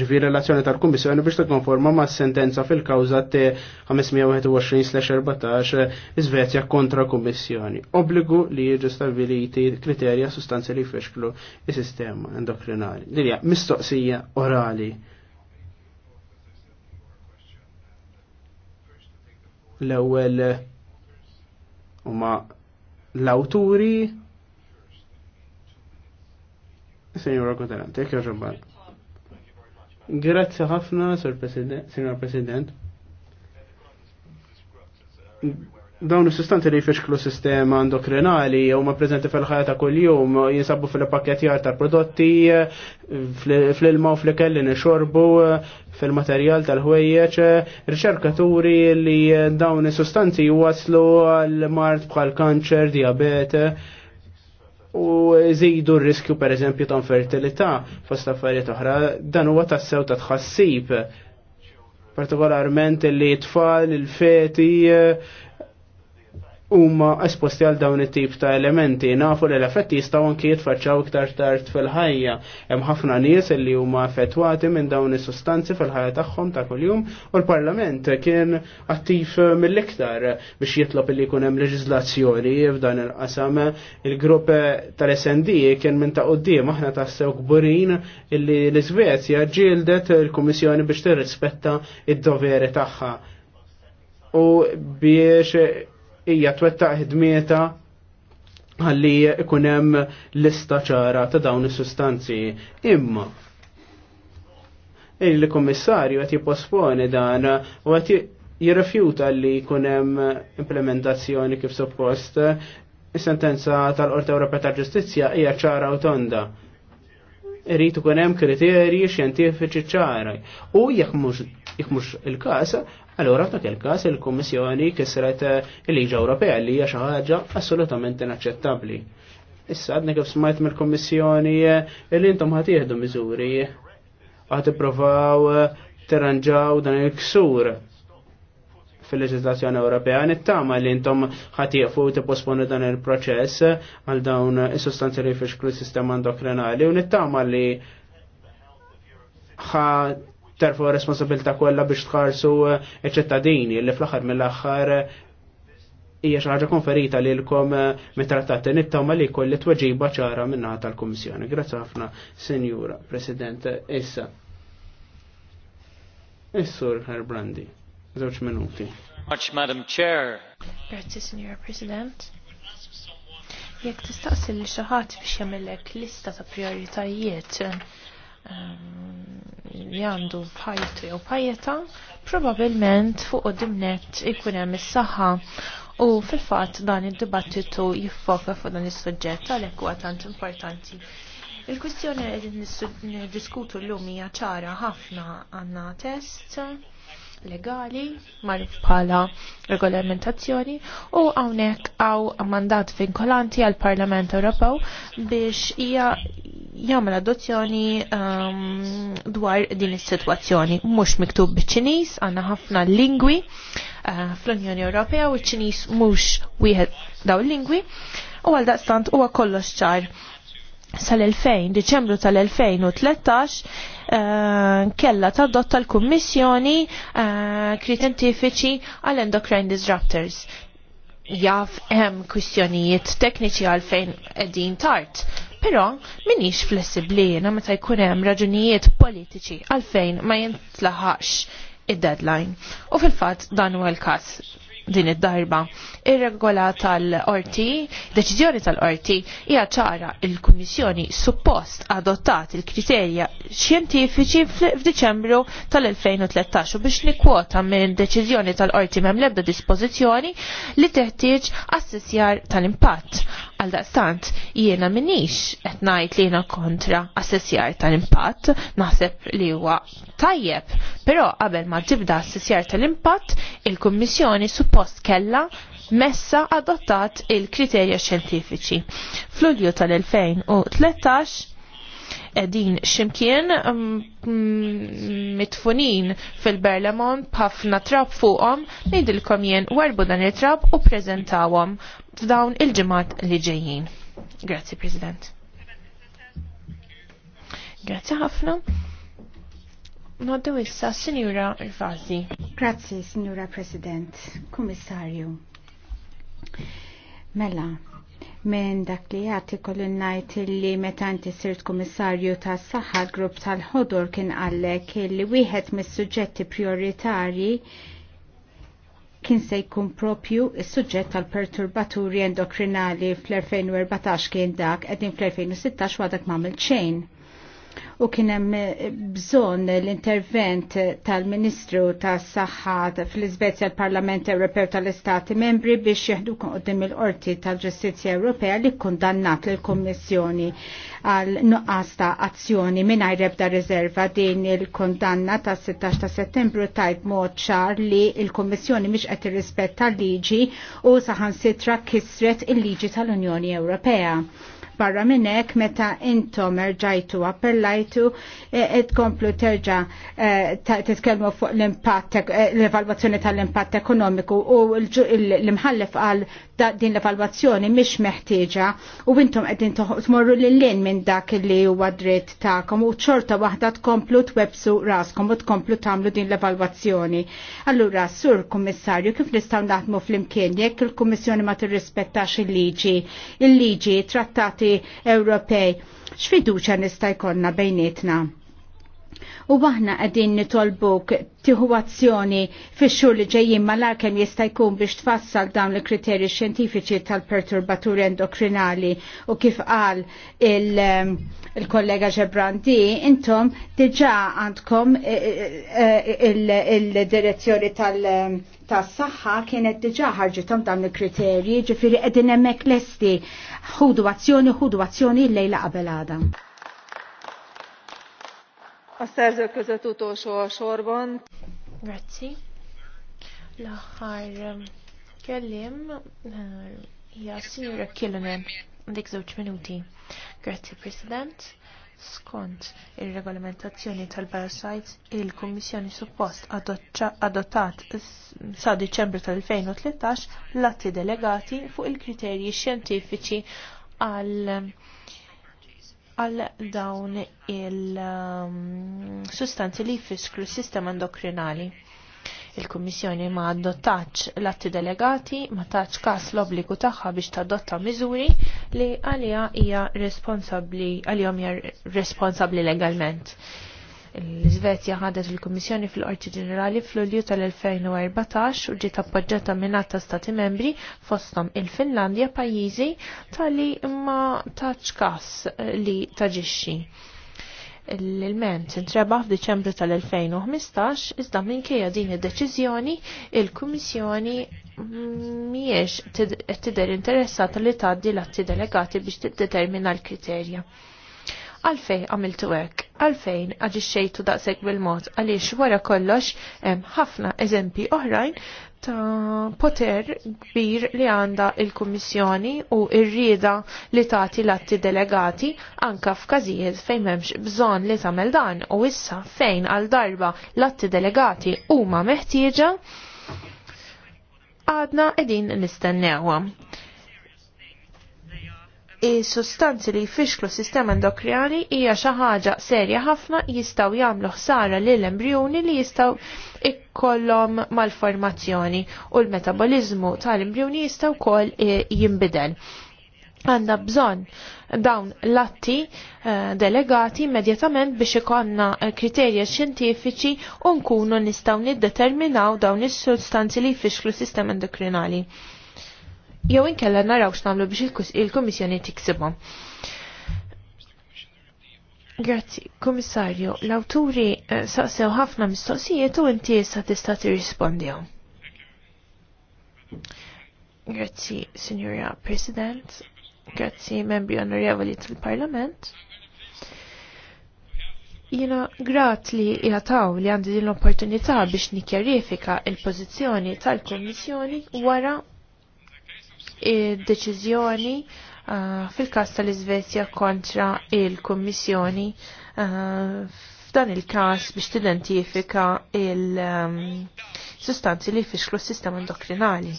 ġifiri relazzjoni tal-Kummissjoni biex tikkonforma ma' sentenza fil-kawza T-521-14 Svezja kontra Kummissjoni. Obbligu li jieġu stabiliti kriterja sustanzi li jfexklu il-sistema endokrinali. Dilja, mistoqsija orali. L-ewwel huma l-awturi Senjora Kontenante, kħarġabban. Grazzi ħafna, Sir President. Signor President. Dawn is-sustanti li jfixklu sistema endokrinali u ma preżenti fil-ħajja ta' kuljum jinsabu fil-pakketjar ta' prodotti fl-ilma u fl kelli nixorbu fil-materjal tal ħwejjeċ riċerkaturi li dawn is-sustanzi waslu għal mart bħal kanċer, diabete u zejdu r-riskju per eżempju ta' fertilità fost affarijiet oħra, dan huwa tassew ta' tħassib partikolarment li tfal, il-feti, huma esposti għal dawn it-tip ta' elementi, nafu li l-effetti jistgħu anki jitfaċċaw iktar tard fil-ħajja. Hemm ħafna nies li huma affettwati minn dawn is-sustanzi fil-ħajja tagħhom ta' kuljum u l-Parlament kien attiv mill-iktar biex jitlob li jkun hemm leġiżlazzjoni f'dan il-qasam. Il-grupp tal-SND kien minn ta' quddiem aħna tassew kburin illi l-Iżvezja ġieldet il-Kummissjoni biex tirrispetta id-doveri tagħha. U biex hija twettaq ħidmieta għalli ikun hemm lista ċara ta' dawn is-sustanzi. Imma il-Kummissarju qed jipposponi dan u qed jirrefjuta li jkun hemm implementazzjoni kif suppost. Is-sentenza tal-Qorti Ewropea tal-Ġustizzja hija ċara u tonda irrit ikun hemm kriterji xjentifiċi ċara. U jekk mhux Jekk mhux il-każ, allura ta' il-każ il-Kummissjoni kisret eh, il-Liġa Ewropea li hija xi ħaġa assolutament inaċċettabbli. Issa għadni kif smajt mill-Kummissjoni eh, li intom ħad jieħdu miżuri ħad ippruvaw eh, terranġaw dan il-ksur fil-leġislazzjoni Ewropea nittama li intom ħatiqfu tipposponu dan il-proċess għal dawn is-sustanzi li fixklu sistema endokrinali u nittama li ħad terfu responsabilta kollha biex tħarsu eh, ċittadini li fl-aħħar mill-aħħar eh, hija xi ħaġa konferita lilkom eh, mit-trattat ma li kolli tweġiba ċara minnaħa tal-Kummissjoni. Grazzi ħafna, Sinjura President, issa. Is-Sur Herbrandi, żewġ minuti. Much, Madam Chair. Grazzi, Signor President. Jekk tistaqsi li xi ħadd biex jagħmellek lista ta' prioritajiet Ehm, li għandu bħajtu jew pajeta, probabilment fuq dimnet ikun hemm is-saħħa u fil-fatt dan id-dibattitu jiffoka fuq dan is-suġġett għalhekk huwa tant importanti. Il-kwistjoni li diskutu l-lum hija ċara ħafna għandna test legali marruf bħala regolamentazzjoni u hawnhekk għaw mandat vinkolanti għal Parlament Ewropew biex hija jagħmel adozzjoni um, dwar din is-sitwazzjoni. Mhux miktub biċ-Ċiniż, għandna ħafna lingwi uh, fl-Unjoni Ewropea u ċ-Ċiniż mhux wieħed daw lingwi u għal daqstant huwa kollox ċar sal-2000, Diċembru tal-2013, uh, eh, kella tadotta l-Kummissjoni uh, eh, għal-endocrine disruptors. Jaf hemm kwistjonijiet tekniċi għalfejn qegħdin tard, però minix flessibli jiena meta jkun hemm raġunijiet politiċi għalfejn ma jintlaħax id-deadline. U fil-fatt dan huwa l-każ din id-darba. Ir-regola tal rt deċiżjoni tal rt hija ċara il-Kummissjoni suppost adottat il-kriterja xjentifiċi f'Diċembru tal-2013 biex kwota minn deċiżjoni tal rt m'hemm l-ebda dispożizzjoni li teħtieġ assessjar tal-impatt Għal daqstant, jiena minix qed ngħid li jiena kontra assessjar tal-impatt, naħseb li huwa tajjeb, però qabel ma tibda assessjar tal-impatt, il-Kummissjoni suppost kella messa adottat il-kriterja xjentifiċi. Fl-Ulju tal-2013 edin ximkien mm, mm, mitfunin fil-Berlemont b'ħafna trab fuqhom ngħidilkom jien warbu dan il-trab u prezentawom f'dawn il ġimat li ġejjin. Grazzi President. Grazzi ħafna. Noddu issa, Sinjura Rifazi. Grazzi, Signora President, Kummissarju. Mela, Men dak li jagħti kollu ngħid li meta inti sirt kummissarju tas-saħħa grupp tal-ħodur kien għallek li wieħed mis-suġġetti prioritari kien se jkun propju is-suġġett tal-perturbaturi endokrinali fl-2014 kien dak qegħdin fl-2016 wadak mamil xejn u kienem eh, bżon l-intervent tal-Ministru tas saħħa fl-Izvezja l-Parlament Ewropew tal-Istati membri biex jihdu kondim il-Qorti tal-Ġustizja Ewropea li kundannat l-Kommissjoni għal nuqqas ta' azzjoni minn ebda riserva din il-kondanna ta' 16 ta' settembru tajt mod ċar li il-Kommissjoni miex qed irrispetta l-liġi u saħansitra kisret il-liġi tal-Unjoni Ewropea. Barra minnek meta intom erġajtu appellajtu ed e, komplu terġa e, titkellmu fuq l-impatt e, l-evalwazzjoni tal-impatt ekonomiku u l-imħallef għal da din l-evalwazzjoni mhix meħtieġa u intom qegħdin tmorru lil-lin minn dak li huwa dritt tagħkom u ċorta waħda tkomplu twebsu raskom u tkomplu tagħmlu din l-evalwazzjoni. Allura, sur kummissarju, kif nistgħu naħdmu flimkien jekk il-Kummissjoni ma tirrispettax il-liġi, il-liġi, trattati Ewropej, x'fiduċja nista' jkollna bejnietna? U waħna għedin nitolbuk tiħu azzjoni fi xur li ġejjin mal arkem jista' jkun biex tfassal dawn il-kriterji xjentifiċi tal-perturbaturi endokrinali u kif qal ehm, il-kollega Ġebrandi, intom diġa għandkom e, e, e, il-direzzjoni tal- tas-saħħa kienet diġa ħarġitom dawn il-kriterji, edin qegħdin hemmhekk lesti ħudu azzjoni, ħudu azzjoni l-lejla qabel għadam. A szerzők között utolsó sorban. Grazzi. L-aħħar um, kellim uh, hija Signora Killunen dik żewġ minuti. Grazzi President. Skont ir-regolamentazzjoni tal-parasites, il-Kummissjoni suppost adottat sa Diċembru tal-2013 l-atti delegati fuq il-kriterji xjentifiċi għal um, għal dawn il-sustanzi um, li jfisklu s-sistema endokrinali. Il-Kummissjoni ma adottax l-atti delegati ma taċ kas l-obbligu tagħha biex tadotta miżuri li għalija hija responsabbli għalihom hija responsabbli legalment. L-Svezja ħadet il-Kommissjoni fil-Qorti Ġenerali fl-Ulju tal-2014 u ġiet appoġġata minn ta' Stati membri fostom il-Finlandja pajjiżi tal-li imma taċ kas eh, li taġixxi. L-ilment intreba f'Diċembru tal-2015 iżda minkejja din id-deċiżjoni il-Kummissjoni miex tidher interessata li tgħaddi l-atti delegati biex tiddetermina l-kriterja. Għalfej għamiltu hekk? għalfejn għaġi xejtu daqseg bil-mod għaliex wara kollox ħafna eżempi oħrajn ta' poter kbir li għanda il-Kummissjoni u ir-rieda li tagħti l-atti delegati anka f'każijiet fejn m'hemmx bżonn li tagħmel dan u issa fejn għal darba l-atti delegati huma meħtieġa għadna edin nistennewha is-sustanzi li jfixklu s-sistema endokrinali hija xi ħaġa serja ħafna jistgħu jagħmlu ħsara lil embrjuni li jistgħu ikollhom malformazzjoni u l-metabolizmu tal-embrjuni jistgħu wkoll e, jinbidel. Għandna bżonn dawn l-atti e, delegati immedjatament biex ikonna kriterja xjentifiċi u nkunu nistgħu niddeterminaw dawn is-sustanzi li jfixklu s-sistema endokrinali jew inkella naraw x'namlu biex il-Kummissjoni tiksibhom. Grazzi, Kummissarju, l-awturi eh, saqsew ħafna mistoqsijiet u inti issa tista' tirrispondihom. Grazzi, Signora President, grazzi membri onorevoli tal-Parlament jina grat li jataw li għandi din l-opportunità biex nikjarifika il-pozizjoni tal kommissjoni wara il deċiżjoni uh, fil-kas tal-Iżvezja kontra il-Kummissjoni uh, f'dan il-kas biex tidentifika il-sustanzi um, li jfixklu s-sistema endokrinali.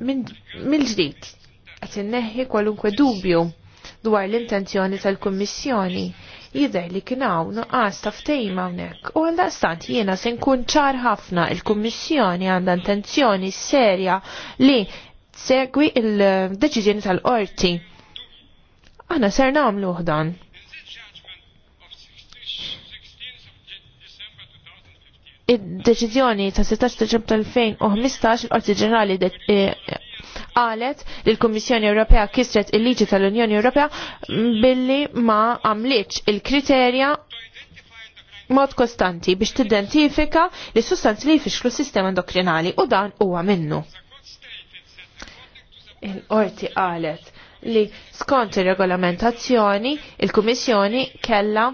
Mill-ġdid, qed inneħħi kwalunkwe dubju dwar l-intenzjoni tal-Kummissjoni jidher li kien hawn nuqqas ta' ftehim hawnhekk u għal daqstant jiena se nkun ċar ħafna il-Kummissjoni għandha intenzjoni serja li segwi il-deċiżjoni tal-qorti. Aħna ser nagħmlu dan. id deċiżjoni ta' 16 ċempta 2015 il-Qorti Ġenerali eh, qalet li l-Kummissjoni Ewropea kisret il-liġi tal-Unjoni Ewropea billi ma għamliċ il-kriterja mod kostanti biex tidentifika li sustanzi li s sistema endokrinali u dan huwa minnu il-qorti qalet li skont ir-regolamentazzjoni il-Kummissjoni kella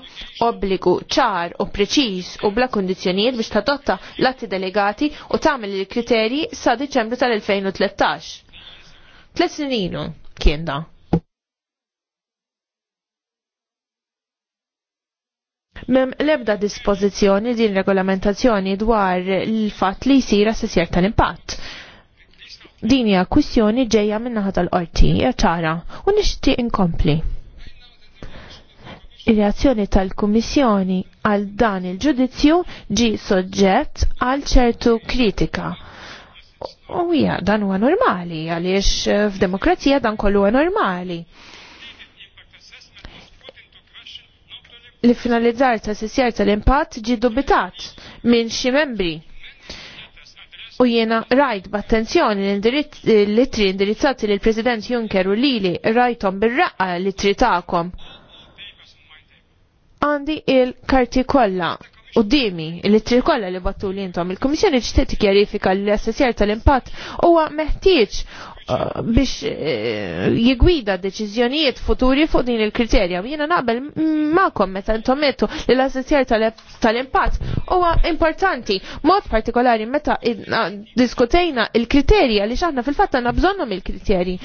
obbligu ċar u preċiż u bla kundizzjonijiet biex tadotta l-atti delegati u tagħmel il-kriterji sa Diċembru tal-2013. Tlet sinilu kien da. Mem lebda dispożizzjoni din regolamentazzjoni dwar il-fatt li jsir assessjar tal-impatt din hija kwistjoni ġejja min-naħa tal-qorti, hija ċara, u nixtieq inkompli. Ir-reazzjoni tal-Kummissjoni għal dan il-ġudizzju ġi soġġett għal ċertu kritika. U hija dan huwa normali għaliex f'demokrazija dan kollu huwa normali. Li finalizzar ta' sissjar tal-impatt ġi dubitat minn xi membri U jiena rajt b'attenzjoni l-litri indirizzati l president Juncker u lili rajtom bir-raqqa litri tagħkom. Għandi il-karti kollha u dimi l litri kollha li battu l intom. il komissjoni ġtiet kjarifika l assessjar tal-impatt huwa meħtieġ biex eh, jigwida deċiżjonijiet futuri fuq din il-kriterja. Jiena naqbel ma'kom meta intomettu li l-assessjar tal-impatt huwa importanti, mod partikolari meta diskutejna il-kriterja li xaħna fil-fatt għandna bżonnhom il-kriterji.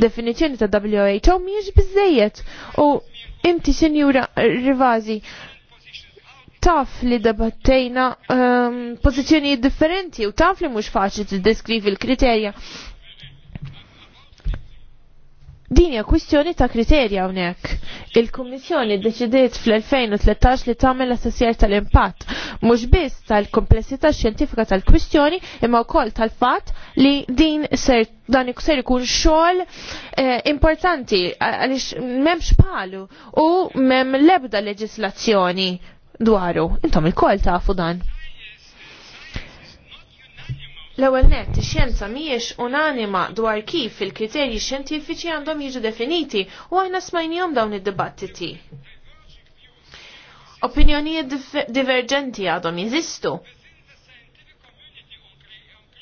Definizzjoni ta' WHO mhijiex bizzejiet u inti sinjura Rivazi taf li debattejna um, ehm, pozizjoni differenti u taf li mhux faċli tiddeskrivi l-kriterja. Din hija kwistjoni ta' kriterja hawnhekk. Il-Kummissjoni ddeċidiet fl-2013 li tagħmel l-assessjer tal-impatt mhux biss tal-komplessità xjentifika tal-kwistjoni imma wkoll tal-fatt li din ser dan ser ikun xogħol eh, importanti għaliex m'hemmx palu u m'hemm l-ebda leġislazzjoni dwaru. Intom il koll tafu dan. L-ewwel nett ix-xjenza mhijiex unanima dwar kif il-kriterji xjentifiċi għandhom jiġu definiti u aħna smajnihom dawn id-dibattiti. Opinjonijiet diverġenti għadhom jeżistu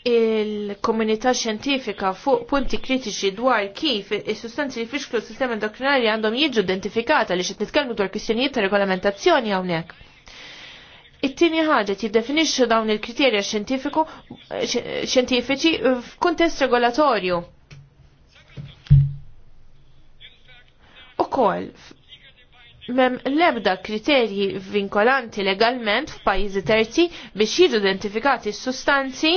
il-komunità xjentifika fuq punti kritiċi dwar kif is-sustanzi li fixklu s-sistema endokrinari għandhom jiġu identifikata li xed nitkellmu dwar kwistjonijiet ta' regolamentazzjoni hawnhekk. It-tieni ħaġa tiddefinixxu dawn il-kriterja xjentifiku xjentifiċi f'kuntest regolatorju. Ukoll mem lebda kriterji vinkolanti legalment f'pajjiżi terzi biex jiġu identifikati s-sustanzi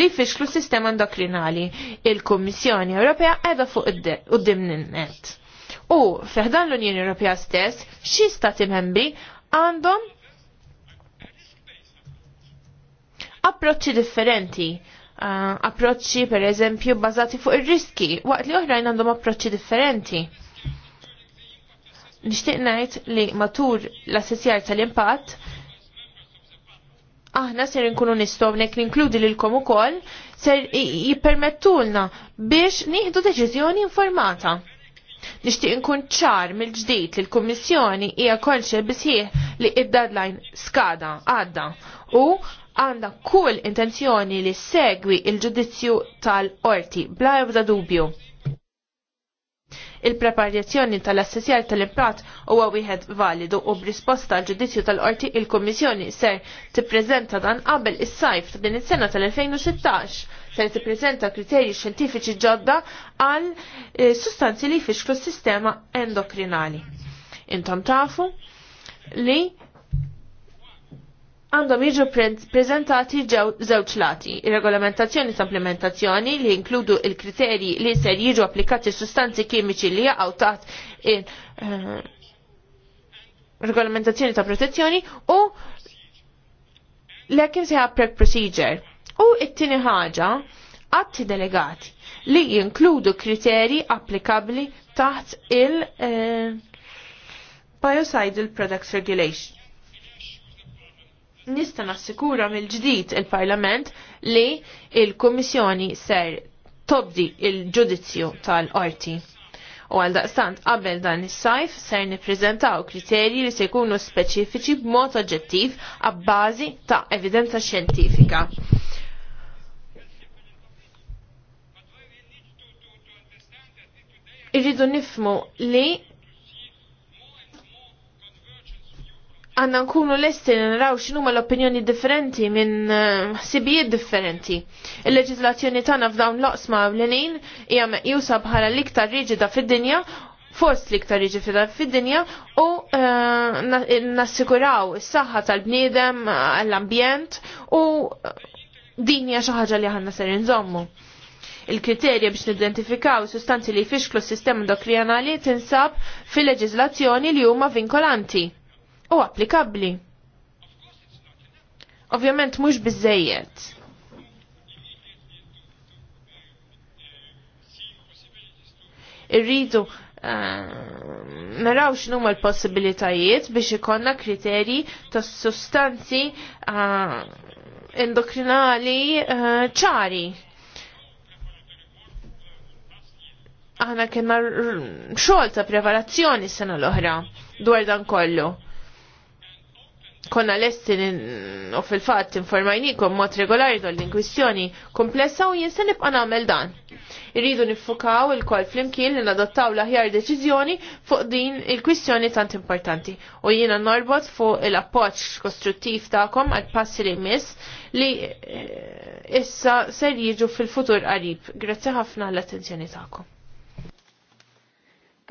li fixlu sistema endokrinali. Il-Kummissjoni Ewropea qiegħda fuq id-dim ninnet. U fiħdan l-Unjoni Ewropea stess, xi stati membri għandhom approċċi differenti uh, approċċi per eżempju bazati fuq ir-riski, waqt li oħrajn għandhom approċċi differenti nixtieq ngħid li matur l-assessjar tal-impatt aħna ser nkunu nistgħu nek ninkludi lilkom ukoll ser jippermettulna biex nieħdu deċiżjoni informata. Nixtieq nkun ċar mill-ġdid li l-Kummissjoni hija konxja bisħieħ li id-deadline skada għadda u għanda kull intenzjoni li segwi il-ġudizzju tal-qorti bla ebda dubju il-preparazzjoni tal-assessjar tal-imprat huwa wieħed validu u b'risposta għal ġudizzju tal-qorti il-Kummissjoni ser tippreżenta dan qabel is-sajf ta' din is-sena tal-2016 ser tippreżenta kriterji xjentifiċi ġodda għal eh, sustanzi li jfixklu s-sistema endokrinali. Intom tafu li għandhom jiġu prezentati żewġ lati, regolamentazzjoni ta' implementazzjoni li jinkludu il-kriterji li ser jiġu applikati sustanzi kimiċi li jaqgħu taħt eh, regolamentazzjoni ta' protezzjoni u l-ekim seħa prep procedure. U it-tini ħaġa, atti delegati li jinkludu kriteri applikabli taħt il- eh, Biocidal Products Regulation nista' nassikura mill-ġdid il-Parlament li il-Kummissjoni ser tobdi il-ġudizzju tal-qorti. U għal daqstant qabel dan is-sajf ser nippreżentaw kriterji li se jkunu speċifiċi b'mod oġġettiv għabbażi ta' evidenza xjentifika. Irridu nifmu li għanna nkunu l-esti naraw raw xinuma l-opinjoni differenti minn eh, sibijiet differenti. Il-leġizlazzjoni tana f'dawn loqsma l-enin hija meqjusa bħala l-iktar riġida fid-dinja fost l-iktar riġida fid-dinja u eh, nassikuraw is-saħħa tal-bniedem għall-ambjent u eh, din hija xi ħaġa li ħanna ser nżommu. Il-kriterja biex nidentifikaw sustanzi li jfixklu s-sistema endokrinali tinsab fil-leġizlazzjoni li huma vinkolanti u applikabli. Ovvjament mhux biżejjed. Irridu eh, naraw x'numa l-possibilitajiet biex ikonna kriterji ta' sustanzi eh, endokrinali eh, ċari. Aħna kena xogħol ta' preparazzjoni s-sena l-oħra dwar dan kollu konna lesti u fil-fat informajnikom mod regolari dwar l-inkwistjoni komplessa u jinsen nibqa' nagħmel dan. Irridu niffukaw il-kol flimkien li nadottaw l-aħjar deċiżjoni fuq din il-kwistjoni tant importanti u jiena norbot fuq il-appoġġ kostruttiv tagħkom għal passi li miss li eh, issa ser jiġu fil-futur qarib. Grazzi ħafna l-attenzjoni tagħkom.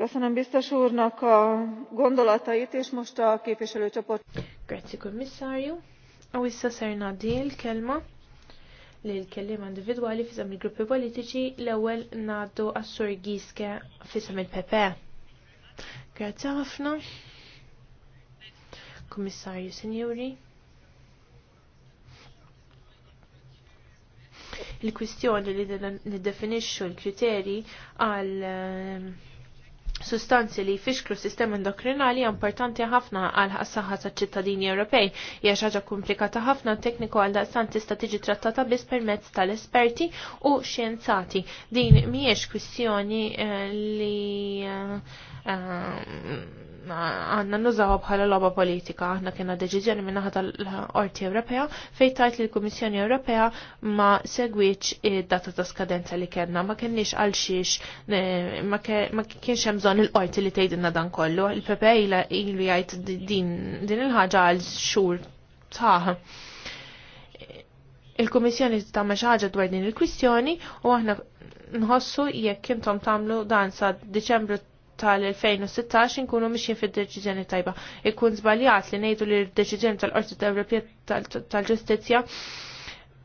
Köszönöm biztos úrnak a gondolatait, és most a képviselőcsoport. Grazie, commissario. A vissza ser nadi l-kelma li l-kellim individwali fisam il-gruppi politiċi l-ewel naddu għassur Giske fisam il-PP. Grazie ħafna. Kommissarju Senjuri. Il-kwistjoni li definixxu l-kriteri għal ehm, sustanzi li jfixklu sistema endokrinali importanti ħafna għal saħħa tal-ċittadini Ewropej. Hija ħaġa komplikata ħafna tekniku għal daqstan tista' tiġi trattata biss permezz tal-esperti u xjenzati. Din mhijiex kwistjoni eh, li eh, Ehm, għanna nużaw bħala loba politika, għanna kena deċiżjoni minna ħata l-Orti Ewropea fejtajt li l-Komissjoni Ewropea ma segwiċ id-data ta' skadenza li kena, ma kienx għalxiex ma kienx hemm bżonn il-qorti li tgħidilna dan kollu, il-PP e li jgħid din il-ħaġa għal xhur taħ il-Komissjoni ta' xi ħaġa dwar din il-kwistjoni u aħna nħossu jekk intom tagħmlu dan sa Diċembru tal-2016 nkunu mixin fid-deċiżjoni tajba. Ikun żbaljat li ngħidu li d-deċiżjoni tal-Qorti Ewropea tal-Ġustizzja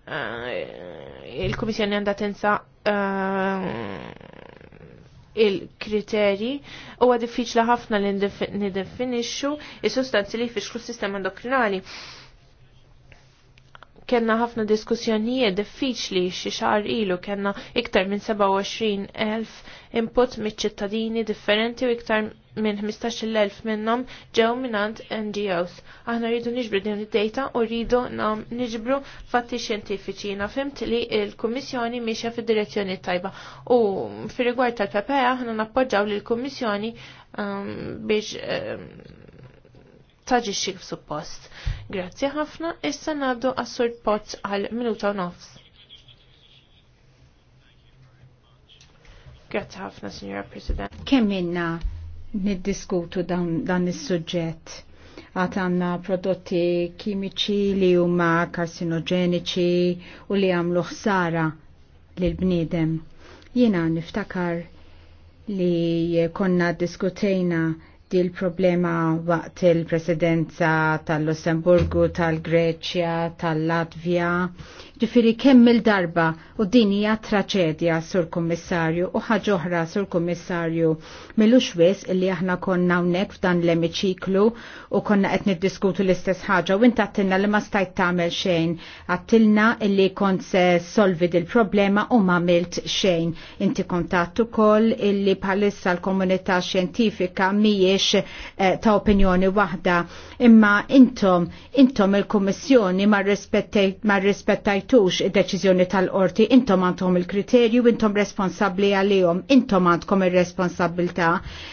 eh, il komissjoni għandha tinsa eh, il-kriteri u għad diffiċla ħafna li nidefinixxu il sustanzi li jfixxu s-sistema endokrinali kena ħafna diskussjonijiet diffiċli xi xahar ilu kena iktar minn 27,000 input miċ-ċittadini differenti u iktar minn 15,000 minnhom ġew minant NGOs. Aħna rridu niġbru din id-data u rridu niġbru fatti xjentifiċi. Na fimt li l-Kummissjoni miexja fid-direzzjoni tajba. U fir-rigward tal-PPA e aħna nappoġġaw li l-Kummissjoni um, biex um, taġixxi suppost. Grazzi ħafna, issa naddu għas pot għal minuta nofs. Grazzi ħafna, Signora President. Kemm minna niddiskutu dan, dan is-suġġett? għat għanna prodotti kimiċi li huma karsinogeniċi u li għamlu ħsara l-bnidem. Jina niftakar li konna diskutejna di l-problema waqt il-presidenza tal-Lussemburgu, tal-Greċja, tal-Latvja ġifiri kemm il-darba u din hija traċedja sur kummissarju u ħaġoħra sur kummissarju millux wis illi aħna konna hawnhekk f'dan l-emiċiklu u konna qed niddiskutu l-istess ħaġa u inta għattilna li ma stajt tagħmel xejn għattilna illi kont se solvi il problema u ma milt xejn inti kontattu ukoll illi bħalissa l-komunità xjentifika mhijiex eh, ta' opinjoni waħda imma intom intom il-Kummissjoni ma rrispettajt segwejtux id-deċiżjoni tal-qorti, intom għandhom il-kriterju, intom responsabli għalihom, intom għandkom ir-responsabilità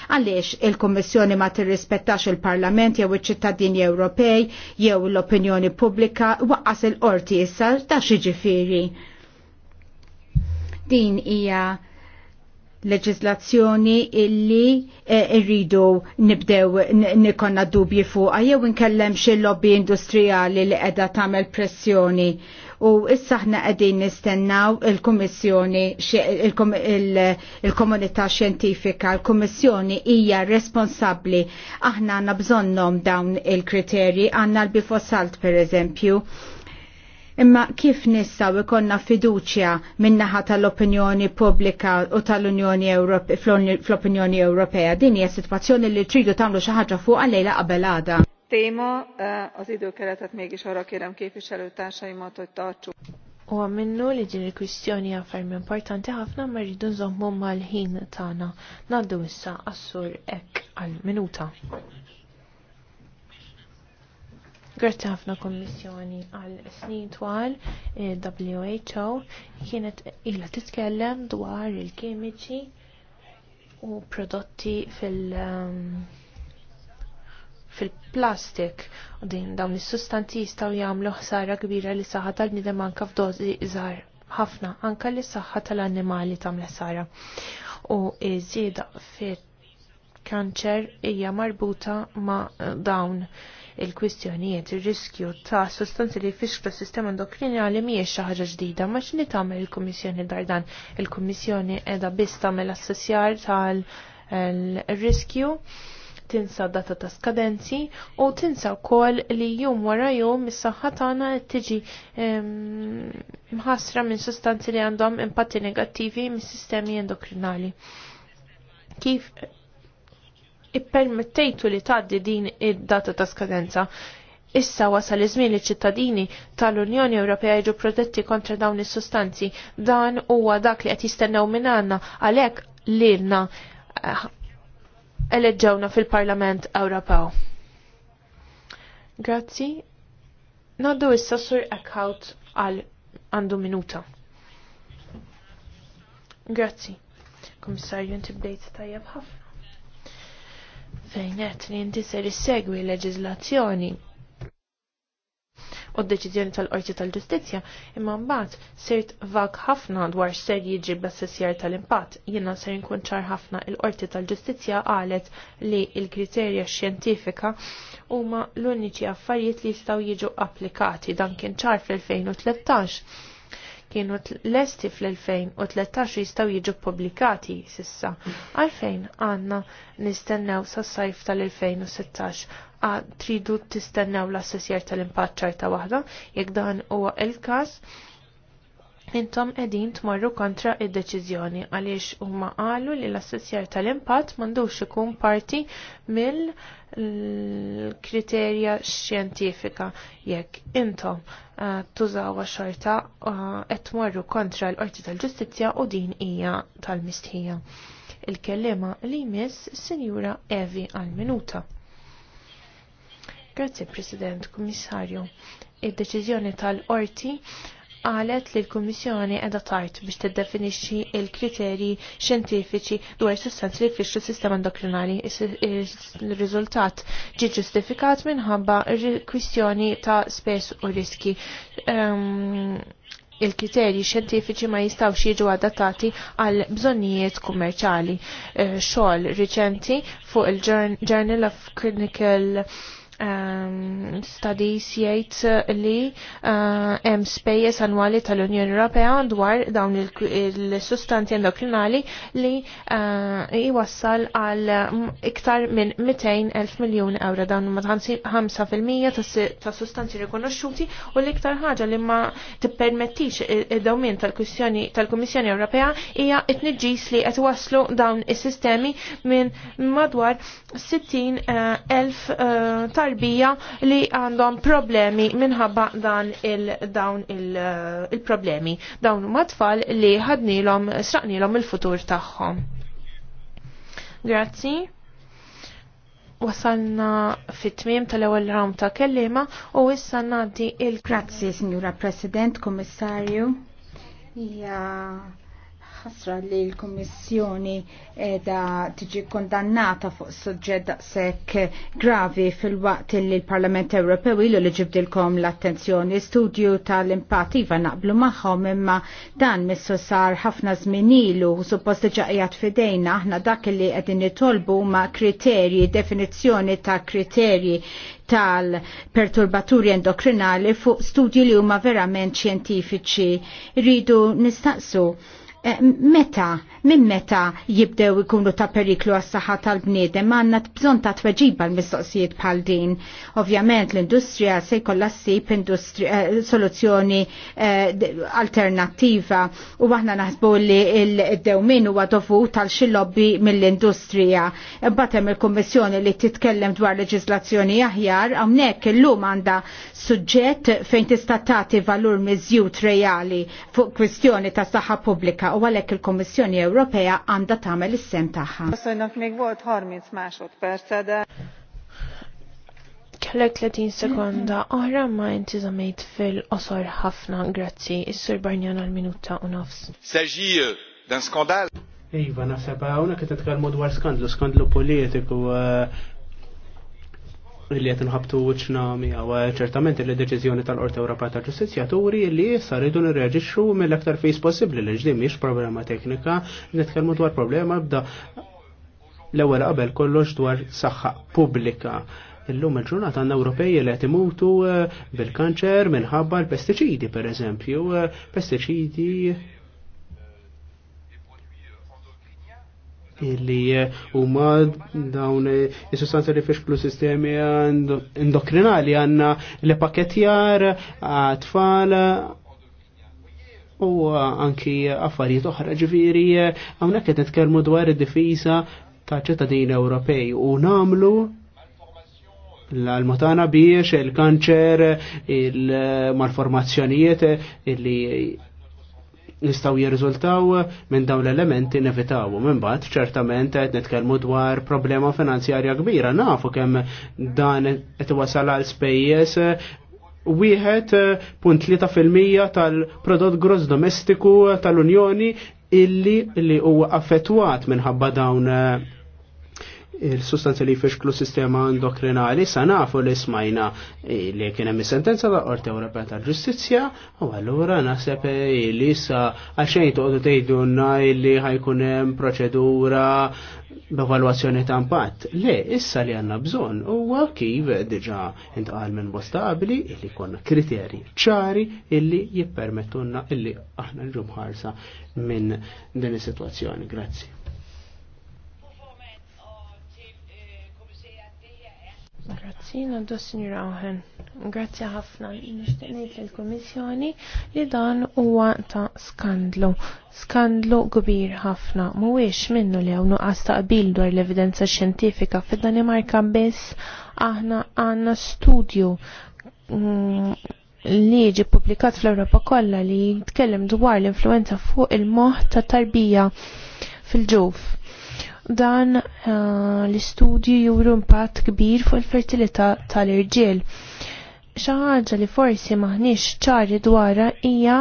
għaliex il-Kommissjoni ma tirrispettax il-Parlament jew iċ-ċittadini Ewropej jew l-opinjoni pubblika waqqas il-qorti issa ta' xiġifieri. Din hija leġizlazzjoni illi eh, irridu nibdew nikonna dubji fuqa jew nkellem xi lobby industrijali li qiegħda tagħmel pressjoni u issa ħna qegħdin nistennaw il-Kummissjoni il-Komunità Xjentifika, il-Kummissjoni hija responsabbli. Aħna għandna bżonnhom dawn il-kriterji, għandna l-bifossalt pereżempju. Imma kif nissaw ikonna fiduċja minnaħa tal-opinjoni pubblika u tal-Unjoni Ewropea fl-Opinjoni Ewropea din hija sitwazzjoni li tridu tagħmlu xi ħaġa fuq għalejla qabel għada téma az időkeretet mégis arra kérem képviselőtársaimat hogy tartsuk. U għamennu li din il-kwistjoni għaffarmi importanti ħafna ma rridu nżommu mal-ħin tagħna. Naddu issa assur ek għal-minuta. Grazzi ħafna kommissjoni għal snin twal WHO kienet ilha titkellem dwar il-kimiċi u prodotti fil- um, fil-plastik u din dawn is-sustanzi jistgħu jagħmlu ħsara kbira li saħħa tal-bniedem anke f'dożi iżgħar ħafna anke li saħħa tal-annimali tagħmel ħsara. U ż żieda fil-kanċer hija marbuta ma' dawn il-kwistjonijiet, ir riskju ta' sostanzi li s sistema endokrinali mhijiex xi ħaġa ġdida, ma x'inhi tagħmel il-Kummissjoni dar dan. Il-Kummissjoni qiegħda biss tagħmel assessjar tal-riskju. il riskju tinsa data ta' skadenzi u tinsa wkoll li jum wara jum is-saħħa tagħna qed tiġi mħassra minn sostanzi li għandhom impatti negattivi mis-sistemi endokrinali. Kif ippermettejtu li tgħaddi din id-data ta' skadenza. Issa wasal iż-żmien li ċittadini tal-Unjoni Ewropea jiġu protetti kontra dawn is-sustanzi. Dan huwa dak li qed jistennew minn għandna għalhekk lilna eh, eleġġawna fil-Parlament Ewropew. Grazzi. Naddu issa sur account għal għandu minuta. Grazzi. Komissarju, inti bdejt tajjeb ħafna. Fejnet li inti ser segwi leġizlazzjoni u d-deċiżjoni tal-Qorti tal-Ġustizzja imma mbagħad sirt vag ħafna dwar ser jiġi b'assessjar tal-impatt. Jiena ser nkun ċar ħafna l qorti tal-Ġustizzja qalet li l-kriterja xjentifika huma l-uniċi affarijiet li jistgħu jiġu applikati dan kien ċar fl-2013 kienu lesti fl-2013 jistaw jiġu publikati sissa. Għalfejn għanna nistennew sa' sajf tal-2016 tridu tistennew l-assessjar tal-impatt ċarta waħda, jekk dan huwa il-każ, intom edin tmorru kontra id-deċiżjoni għaliex huma qalu li l-assessjar tal-impatt m'għandux ikun parti mill-kriterja xjentifika jekk intom eh, tużawa xorta eh, qed tmorru kontra l-Qorti tal-Ġustizzja u din hija tal-mistħija il kellema li jmiss Sinjura Evi għal-Minuta. Grazie President, Kummissarju. Id-deċiżjoni tal-Orti għalet li l-Kummissjoni edha tajt biex tiddefinixxi il-kriterji xjentifiċi dwar sustanzi li jfixxu s-sistema endokrinali. Il-riżultat ġi ġustifikat minħabba kwistjoni ta' spess u riski. Ehm, il-kriterji xjentifiċi ma jistawx jiġu adattati għal bżonnijiet kummerċali. Eh, xogħol riċenti fuq il-Journal of Clinical um, studies jgħid uh, li uh, hemm uh, spejjeż annwali tal-Unjoni Ewropea dwar dawn il-sustanzi endokrinali li uh, jwassal għal um, iktar minn 200 elf miljun euro dawn ma 5% ta' sustanzi rikonoxxuti u l-iktar ħaġa li ma tippermettix id-dawmin tal-Kummissjoni Ewropea hija it tniġġis li qed waslu dawn is-sistemi minn madwar 60 uh, elf uh, tar tarbija li għandhom problemi minħabba dan il-dawn il-problemi. Il dawn eh, matfall tfal li ħadnilom, sraqnilom il-futur tagħhom. Grazzi. Wasalna fit-tmiem tal-ewwel round ta' kellima u issa nagħti il-Grazzi, Signora President, Kummissarju. Ja, ħasra li l-Kommissjoni edha tiġi kondannata fuq suġġett daqshekk gravi fil-waqt li l-Parlament Ewropew ilu li ġibdilkom l-attenzjoni. Studju tal iva naqblu magħhom imma dan missu sar ħafna żmien ilu suppost ġaqijat fidejna aħna dak li qegħdin nitolbu ma' kriterji, definizzjoni ta' kriterji tal-perturbaturi endokrinali fuq studji li huma verament xjentifiċi. Rridu nistaqsu Eh, meta minn meta jibdew ikunu ta' periklu għas saħħa tal-bniedem għandna bżonn ta' tweġiba l-mistoqsijiet bħal din. Ovvjament l-industrija se jkollha ssib eh, soluzzjoni eh, alternattiva u aħna naħsbu li d-dewmin huwa dovut tal xi lobby mill-industrija. Imbagħad hemm il kummissjoni li titkellem dwar leġislazzjoni aħjar hawnhekk illum għandha suġġett fejn tista' tagħti valur miżjud reali fuq kwistjoni ta' saħħa pubblika u għalhekk il kummissjoni Ewropea għandha tagħmel is-sem tagħha. kellek 30 sekonda oħra ma inti zamejt fil-qosor ħafna grazzi. Is-Sur Barnjan għal-minuta u nofs. Saġi euh, dan skandal. Iva, naħseb hawnhekk qed għal modwar skandlu, skandlu politiku euh, li nħabtu uċna mi għaw, ċertament li deċiżjoni tal-Qorti Ewropea ta' Ġustizzja turi li issa rridu nirreġixxu mill-aktar fejs possibbli li ġdim miex problema teknika, nitkellmu dwar problema bda l-ewwel qabel kollox dwar saħħa pubblika. Illum il-ġurnata għanna Ewropej li qed imutu eh, bil-kanċer minħabba l-pestiċidi pereżempju, eh, pestiċidi illi eh, huma dawn eh, is-sustanza li fixklu sistemi endokrinali għandna li pakketjar għat-tfal eh, u anki affarijiet oħra ġifieri hawnhekk qed nitkellmu dwar id-difiża ta' ċittadini Ewropej u namlu l-almatana biex il-kanċer, il-malformazzjonijiet illi nistaw jirriżultaw minn dawn l-elementi nevitaw. Minn bad, ċertament, qed nitkellmu dwar problema finanzjarja kbira, nafu kemm dan qed wasal għal spejjeż wieħed punt fil-mija tal-prodott gross domestiku tal-Unjoni illi li huwa affettwat minħabba dawn il sustanza li jfixklu sistema endokrinali sa nafu li smajna eh, li kien hemm sentenza ta' Qorti Ewropea tal-Ġustizzja u allura naħseb eh, li sa għaxejn toqgħodu tgħidulna li ħajkun hemm proċedura b'evalwazzjoni ta' impatt. Le, issa li għandna bżonn huwa kif diġà intqal minn bosta qabli li konna kriterji ċari illi jippermettuna illi aħna l-ġumħarsa minn din is-sitwazzjoni. Grazzi. Grazzi, naddu s-sinjura Grazzi ħafna. Nishtiqnejt l-Komissjoni li dan huwa ta' skandlu. Skandlu kbir ħafna. Mhuwiex minnu li hawn nuqqas taqbil dwar l-evidenza xjentifika fid-Danimarka biss aħna għandna studju mm, li ġi publikat fl-Europa kollha li jitkellem dwar l-influenza fuq il-moħħ ta' tarbija fil-ġuf dan eh, l-istudju juru impatt kbir fuq il-fertilità tal-irġiel. Xi ħaġa li forsi maħniex ċari dwarha hija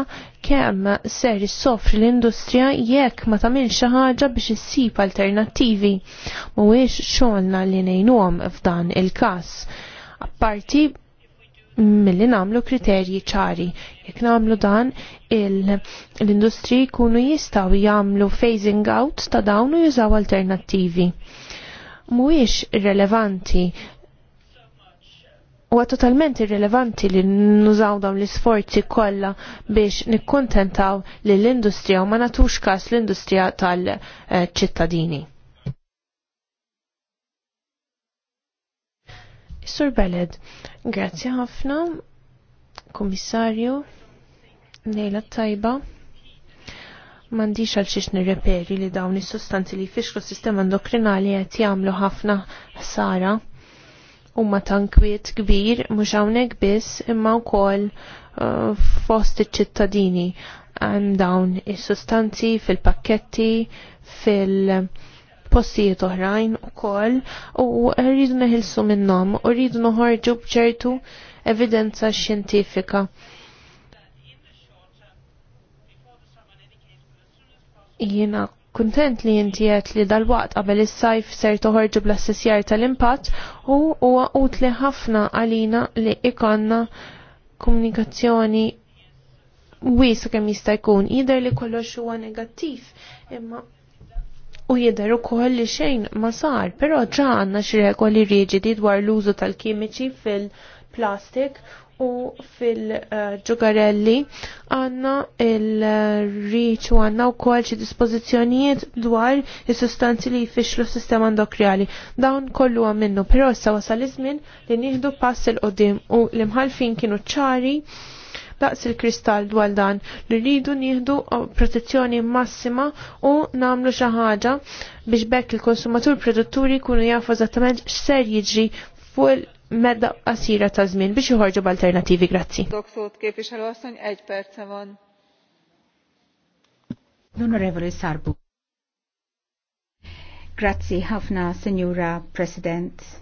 kemm ser issofri l-industrija jekk ma tagħmilx xi ħaġa biex issib alternattivi. Mhuwiex xogħolna li ngħinuhom f'dan il-każ. Apparti milli namlu kriterji ċari. Jekk namlu dan, l-industri kunu jistaw jamlu phasing out ta' dawn u jużaw alternattivi. Mhuwiex irrelevanti huwa totalment irrelevanti li nużaw dawn l-isforzi kollha biex nikkontentaw lill industrija u ma natux każ l-industrija tal-ċittadini. Sur Beled, grazie ħafna, komissarju, nejla tajba. Mandiċ għal xiex nirreperi li dawn is sustanzi li fixklu sistema endokrinali għet jamlu ħafna ħsara u ma tankwiet kbir mux hawnhekk biss imma wkoll uh, fost iċ-ċittadini għan dawn is-sustanzi fil-pakketti fil-, -pakketti, fil postijiet oħrajn ukoll u rridu neħilsu minnhom u rridu noħorġu bċertu evidenza xjentifika. Jiena kuntent li inti għet li dal-waqt qabel is-sajf ser toħorġu bl-assessjar tal-impatt u huwa utli ħafna għalina li ikonna komunikazzjoni wisa kemm jista' jkun jidher li kollox huwa negattiv imma u jidher ukoll li xejn ma sar, però ġa għandna xi regoli riġidi dwar l-użu tal-kimiċi fil-plastik u fil-ġugarelli għanna il-riċ u għanna u kol xie dispozizjonijiet dwar is sustanzi li jfixlu s-sistema endokriali. Dawn kollu għamennu, pero issa wasal iż-żmien li nieħdu pass il-qoddim u l-imħalfin kienu ċari daqs il-kristall dwar dan li rridu nieħdu uh, protezzjoni massima u namlu xi ħaġa biex bekk il-konsumatur produtturi jkunu jafu eżattament x'ser jiġri fuq medda qasira ta' żmien biex joħorġu b'alternattivi. Grazzi. Doksut kif L-Onorevoli Sarbu. Grazzi ħafna, Signora President.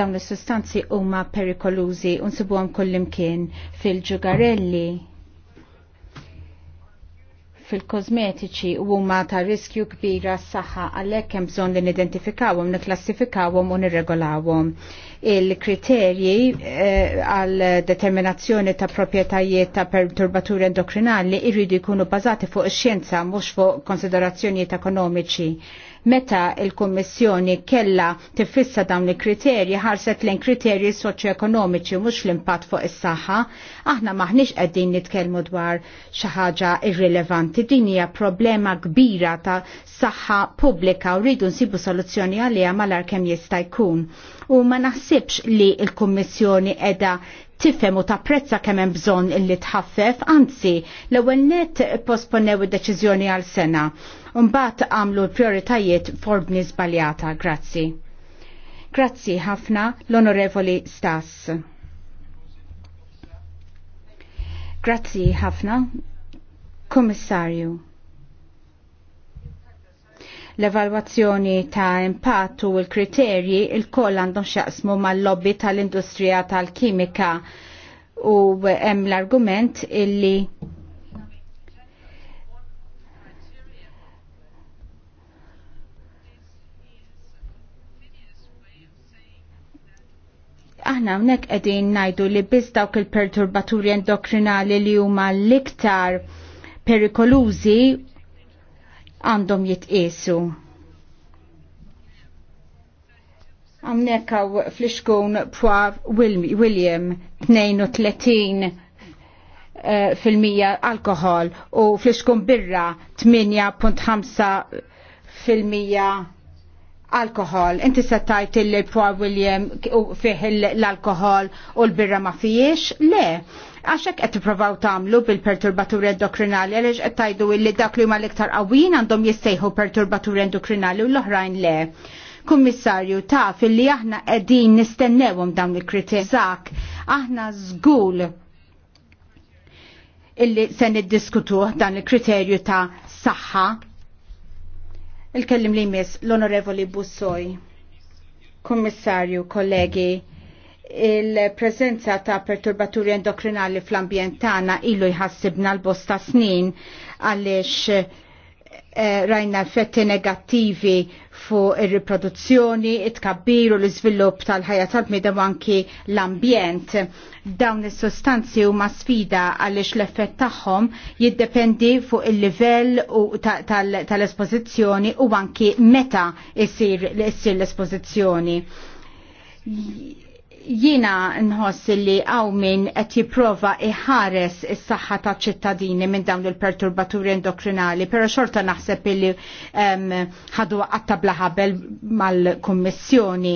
Dawn is-sustanzi huma perikolużi u nsibuhom kullimkien fil-ġugarelli fil-kosmetiċi u huma ta' riskju kbira s-saħħa għalhekk hemm bżonn li nidentifikawhom, niklassifikawhom u nirregolawhom. Il-kriterji eh, għal eh, determinazzjoni ta' proprjetajiet ta' perturbaturi endokrinali irridu jkunu bażati fuq ix-xjenza mhux fuq konsiderazzjonijiet ekonomiċi Meta il-Kommissjoni kella tifissa dawn il-kriterji ħarset lejn kriterji soċjoekonomiċi mhux l-impatt fuq is-saħħa, aħna maħniex qegħdin nitkellmu dwar xi ħaġa irrilevanti. Din hija problema kbira ta' saħħa pubblika u rridu nsibu soluzzjoni għaliha malar kemm jista' jkun. U ma naħsibx li l-Kummissjoni edha tifhem u tapprezza kemm hemm bżonn illi tħaffef, anzi l-ewwel net posponew id-deċiżjoni għal sena Umbat għamlu prioritajiet forbni zbaljata. Grazzi. Grazzi ħafna l-Onorevoli Stas. Grazzi ħafna, Komissarju l-evalwazzjoni ta' impatt u l-kriterji il-koll għandhom xaqsmu mal-lobby tal-industrija tal-kimika u hemm l-argument illi aħna hawnhekk qegħdin ngħidu li biss dawk il-perturbaturi endokrinali li huma l-iktar perikolużi għandhom jitqiesu. Għamnek għaw fl-iskun William 32 eh, fil-mija alkohol u fl-iskun birra 8.5 fil-mija alkohol. Inti settajt il poor William u fih l-alkohol u l-birra ma fijiex? Le. Għaxek qed provaw tagħmlu bil-perturbaturi endokrinali għaliex qed tajdu li dak li ma l-iktar qawwin għandhom jissejħu perturbaturi endokrinali u l-oħrajn le. Kummissarju, taf li aħna qegħdin nistennewhom dawn il-kriterji. Zak, aħna żgur illi se niddiskutuh dan il-kriterju ta' saħħa Il-kellim li jmiss l-Onorevoli Bussoj, Kommissarju, kollegi, il-prezenza ta' perturbaturi endokrinali fl-ambjent tagħna ilu jħassibna l-bosta snin għaliex Eh, rajna effetti negattivi fuq ir-riproduzzjoni, it-kabbiru l-iżvilupp tal-ħajja tal-bniedem anki l-ambjent. Dawn is-sostanzi huma sfida għaliex l-effett tagħhom jiddependi fuq il-livell tal-espożizzjoni u anki meta jsir l-espożizzjoni jina nħoss li għaw min qed jipprova iħares is-saħħa taċ ċittadini minn dawn il-perturbaturi endokrinali, però xorta naħseb li ħadu għatta blaħabel mal-Kummissjoni.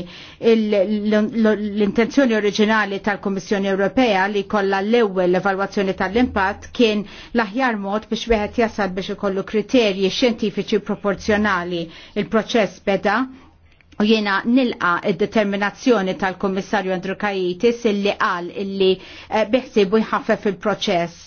L-intenzjoni oriġinali tal-Kummissjoni Ewropea li kollha l-ewwel evalwazzjoni tal-impatt kien l-aħjar mod biex wieħed jasal biex ikollu kriterji xjentifiċi proporzjonali. Il-proċess beda U jena nilqa il-determinazzjoni tal-Kommissarju Andrew Kajitis illi qal illi eh, biħsibu jħaffef il-proċess.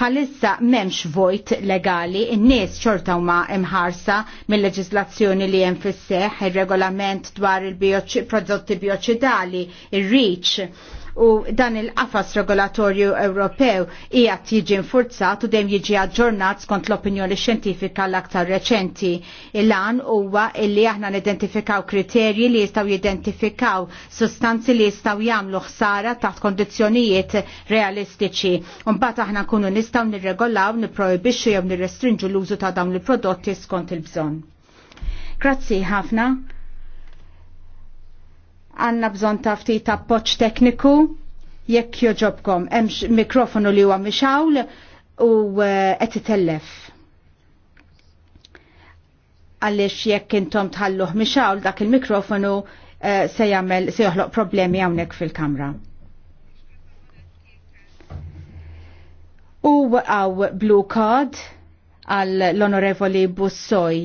Palissa memx vojt legali, n-nies xorta huma imħarsa mill-leġislazzjoni li hemm fis il ir-regolament dwar il-prodotti bioċidali, ir-reach, il prodotti bioċidali il reach u dan il-qafas regolatorju Ewropew hija jiġi nfurzat u dejjem jiġi aġġornat skont l-opinjoni xjentifika l-aktar reċenti. Il-lan huwa illi aħna nidentifikaw kriterji li jistgħu jidentifikaw sustanzi li jistgħu jagħmlu ħsara taħt kondizzjonijiet realistiċi. Mbagħad aħna nkunu nistgħu nirregolaw, nipprojbixxu jew nirrestrinġu l-użu ta' dawn il-prodotti skont il-bżonn. Grazzi ħafna għanna bżon ta' ftit appoċ tekniku jekk joġobkom. Hemm mikrofonu li huwa mixawl u eh, qed itellef. Għaliex jekk intom tħalluh mixawl dak il-mikrofonu eh, se jagħmel se joħloq problemi hawnhekk fil-kamra. U għaw blue card għal l-onorevoli Bussoj.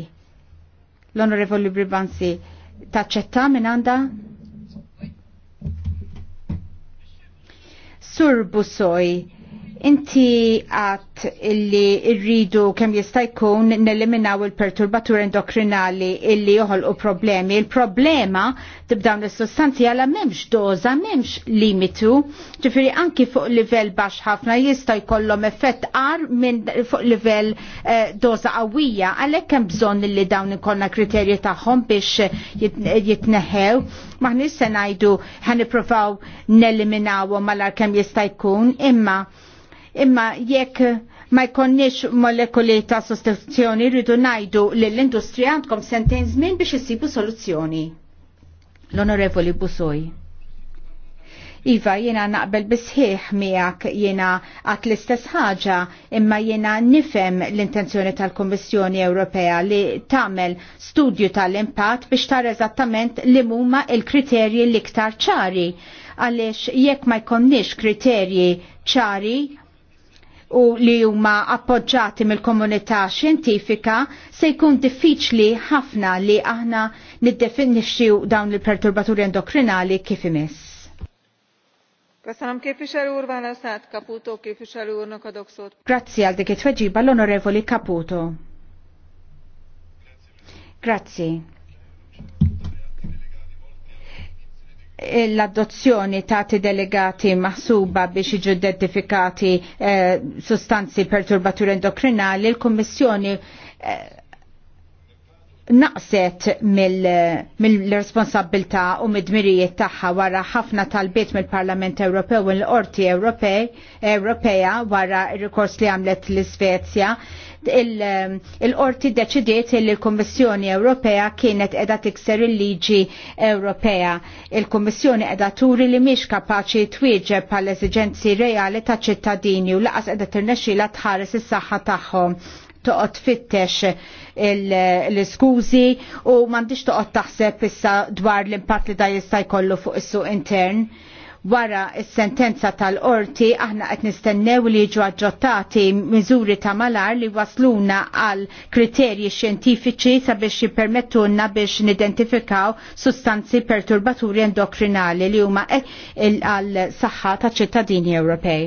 L-onorevoli Bribansi taċċetta minn għanda? Sur Busoj Inti għat illi rridu kem jistajkun neliminaw il-perturbatur endokrinali illi joħol u problemi. Il-problema tibdaw il-sostanzi għala memx doza, memx limitu, ġifiri anki fuq livell bax ħafna jistaj kollom effett għar minn fuq livell eh, doza għawija, għalek kem bżon illi dawn ikonna kriterji taħħom biex jitneħew. Maħni se najdu ħaniprofaw neliminawom mal-ar kem jistajkun, imma imma jekk ma jkonniex molekuli ta' sostituzzjoni rridu najdu li l-industrija għandkom sentejn żmien biex isibu soluzzjoni. L-Onorevoli Busoj. Iva, jena naqbel bisħiħ miegħek jena għat l-istess ħaġa imma jena nifem l-intenzjoni tal-Kommissjoni Ewropea li tagħmel studju tal-impatt biex tara eżattament li huma il-kriterji l-iktar ċari għaliex jekk ma jkonniex kriterji ċari u li huma appoġġati mill-komunità xjentifika se jkun diffiċli ħafna li aħna niddefinixxu dawn il-perturbaturi endokrinali kif imiss. Köszönöm għal dik it Caputo l-Onorevoli Caputo. Grazie l-adozzjoni ta' delegati maħsuba biex iġu identifikati eh, sustanzi perturbaturi endokrinali, l-Kommissjoni eh, naqset mill-responsabilta u mid-dmirijiet tagħha wara ħafna talbiet mill-Parlament Ewropew u l-Qorti Ewropea wara r-rikors li għamlet l-Svezja il-qorti deċidiet li l-Kommissjoni Ewropea kienet edha tikser il-liġi Ewropea. Il-Kommissjoni edha turi li miex kapaċi twieġeb pal eżigenzi reali ta' ċittadini u laqas edha tirnexxila tħares is-saħħa tagħhom toqgħod fittex l skuzi u m'għandix toqgħod taħseb issa dwar l-impatt li da jista' jkollu fuq is-suq intern. Wara s-sentenza tal-qorti aħna qed nistennew li jiġu aġġottati miżuri ta' malar li wasluna għal kriterji xjentifiċi sabiex jippermettulna biex nidentifikaw sustanzi perturbaturi endokrinali li huma e- għal saħħa ta' ċittadini Ewropej.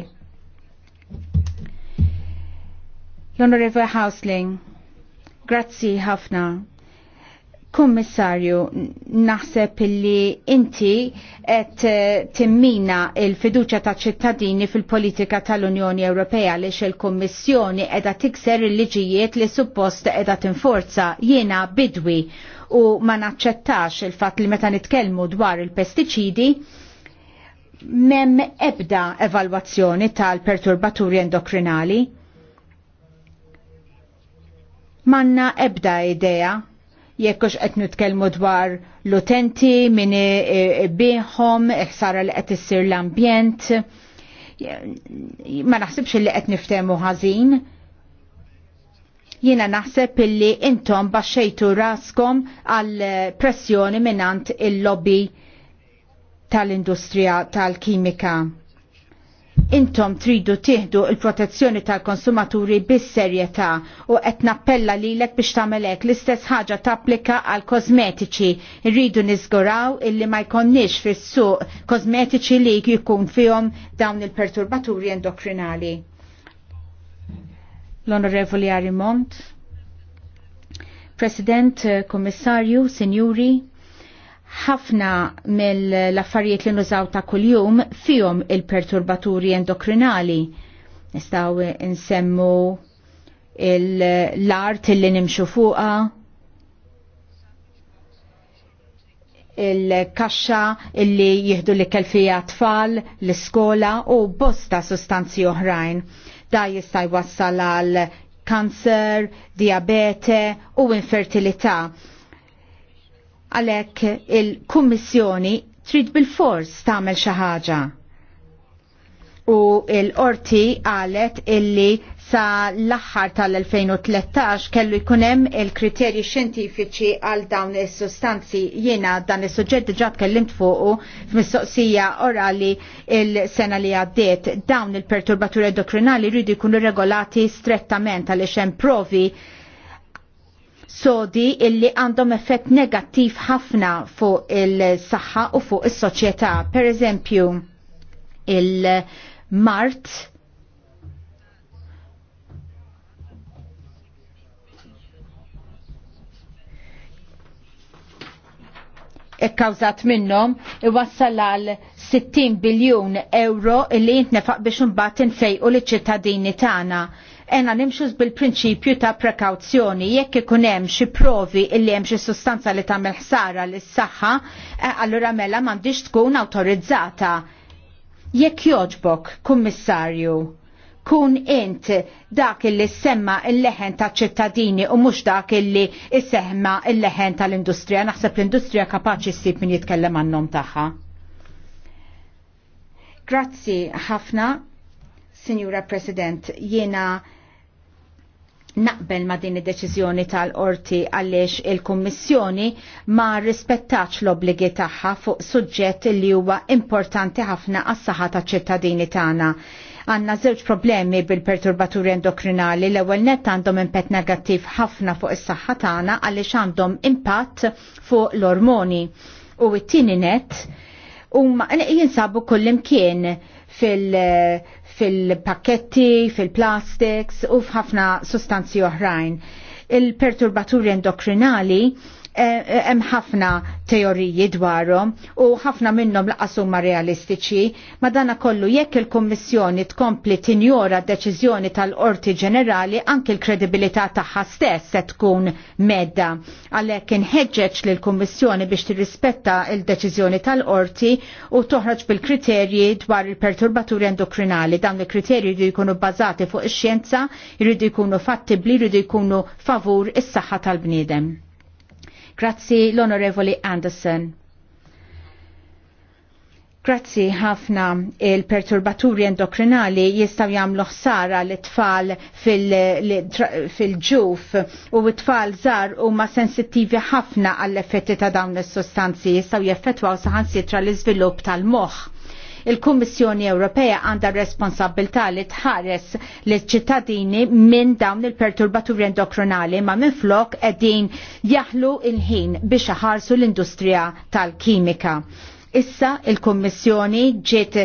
L-Onorevole Hausling, grazzi ħafna. Kummissarju, naħseb illi inti qed eh, timmina il-fiduċa ta' ċittadini fil-politika tal-Unjoni Ewropea li il-Kummissjoni qiegħda tikser il-liġijiet li suppost qiegħda tinforza jiena bidwi u ma naċċettax il-fatt li meta nitkellmu dwar il-pestiċidi mem ebda evalwazzjoni tal-perturbaturi endokrinali manna ebda idea jekkux qed nitkellmu dwar l-utenti min bieħom, ħsara li qed issir l-ambjent. Ma naħsibx li qed niftehmu ħażin. Jiena naħseb illi intom baxxejtu raskom għal pressjoni minant il-lobby tal-industrija tal-kimika. tal industrija tal kimika intom tridu tieħdu il-protezzjoni tal-konsumaturi bis-serjetà u qed nappella lilek biex tagħmel hekk l-istess ħaġa tapplika għal kosmetiċi. rridu niżguraw illi ma jkonniex fis-suq kosmetiċi li jkun fihom dawn il-perturbaturi endokrinali. L-Onorevoli Arimont, President, eh, Kommissarju, Sinjuri, ħafna mill-affarijiet li nużaw ta' kuljum fihom il-perturbaturi endokrinali. Nistaw nsemmu l-art li nimxu fuqa, il-kaxxa illi jihdu li kelfija tfal, l-iskola u bosta sustanzi oħrajn. Da jista' jwassal għal kanser, diabete u infertilità Għalek il-Kummissjoni trid bil-fors tagħmel xi ħaġa. U l-orti għalet qalet illi sa l-aħħar tal-2013 kellu jkunem il-kriterji xjentifiċi għal dawn is-sustanzi jiena dan is-suġġett diġà tkellimt fuqu f'mistoqsija orali il-sena li għaddiet dawn il-perturbaturi endokrinali jridu jkunu regolati strettament għaliex hemm provi sodi illi għandhom effett negattiv ħafna fuq il-saħħa u fuq is-soċjetà. Per eżempju, il-Mart Ekkawżat minnom iwassal għal 60 biljun euro illi jintnefaq biex imbagħad nfejqu li ċittadini tagħna ena nimxu bil-prinċipju ta' prekawzjoni jekk ikun hemm xi provi illi hemm xi sustanza li tagħmel ħsara lis saħħa eh, allura mela m'għandix tkun awtorizzata. Jekk joġbok, kummissarju, kun int dak illi semma il-leħen ta' ċittadini u mux dak illi semma il-leħen tal-industrija. Naħseb l-industrija kapaċi s min jitkellem għannom taħħa. Grazzi ħafna, Signora President, jiena naqbel ma din id-deċiżjoni tal-qorti għaliex il-Kummissjoni ma rispettax l-obligi tagħha fuq suġġett li huwa importanti ħafna għas-saħħa taċ-ċittadini tagħna għanna żewġ problemi bil-perturbaturi endokrinali l-ewwel net għandhom impatt negattiv ħafna fuq is-saħħa tagħna għaliex għandhom impatt fuq l-ormoni. U t-tieni net huma jinsabu kullimkien fil- fil-pakketti, fil-plastics u f'ħafna sostanzi oħrajn. Il-perturbaturi endokrinali E, e, hemm ħafna teoriji dwarhom u ħafna minnhom laqasuma realistiċi, ma dana kollu jekk il-Kummissjoni tkompli tinjora deċiżjoni tal-Qorti Ġenerali anke l-kredibilità tagħha stess se tkun medda. Għalhekk inħeġġeġ lill kummissjoni biex tirrispetta il-deċiżjoni tal-Qorti u toħroġ bil-kriterji dwar il-perturbaturi endokrinali. Dan il-kriterji jridu jkunu bbażati fuq ix-xjenza, jridu jkunu fattibli, jridu jkunu favur is-saħħa tal-bniedem. Grazzi l-Onorevoli Anderson. Grazzi ħafna il-perturbaturi endokrinali jistaw jagħmlu ħsara l tfal fil-ġuf u t-tfal u huma sensittivi ħafna għall effetti ta' dawn is-sostanzi jistaw jeffettwaw saħansitra l-iżvilupp tal-moħħ. Il-Kummissjoni Ewropea għandha responsabilità li tħares l ċittadini minn dawn il-perturbaturi endokronali ma minn flok edin jaħlu il-ħin biex ħarsu l-industrija tal-kimika. Issa il-Kommissjoni ġiet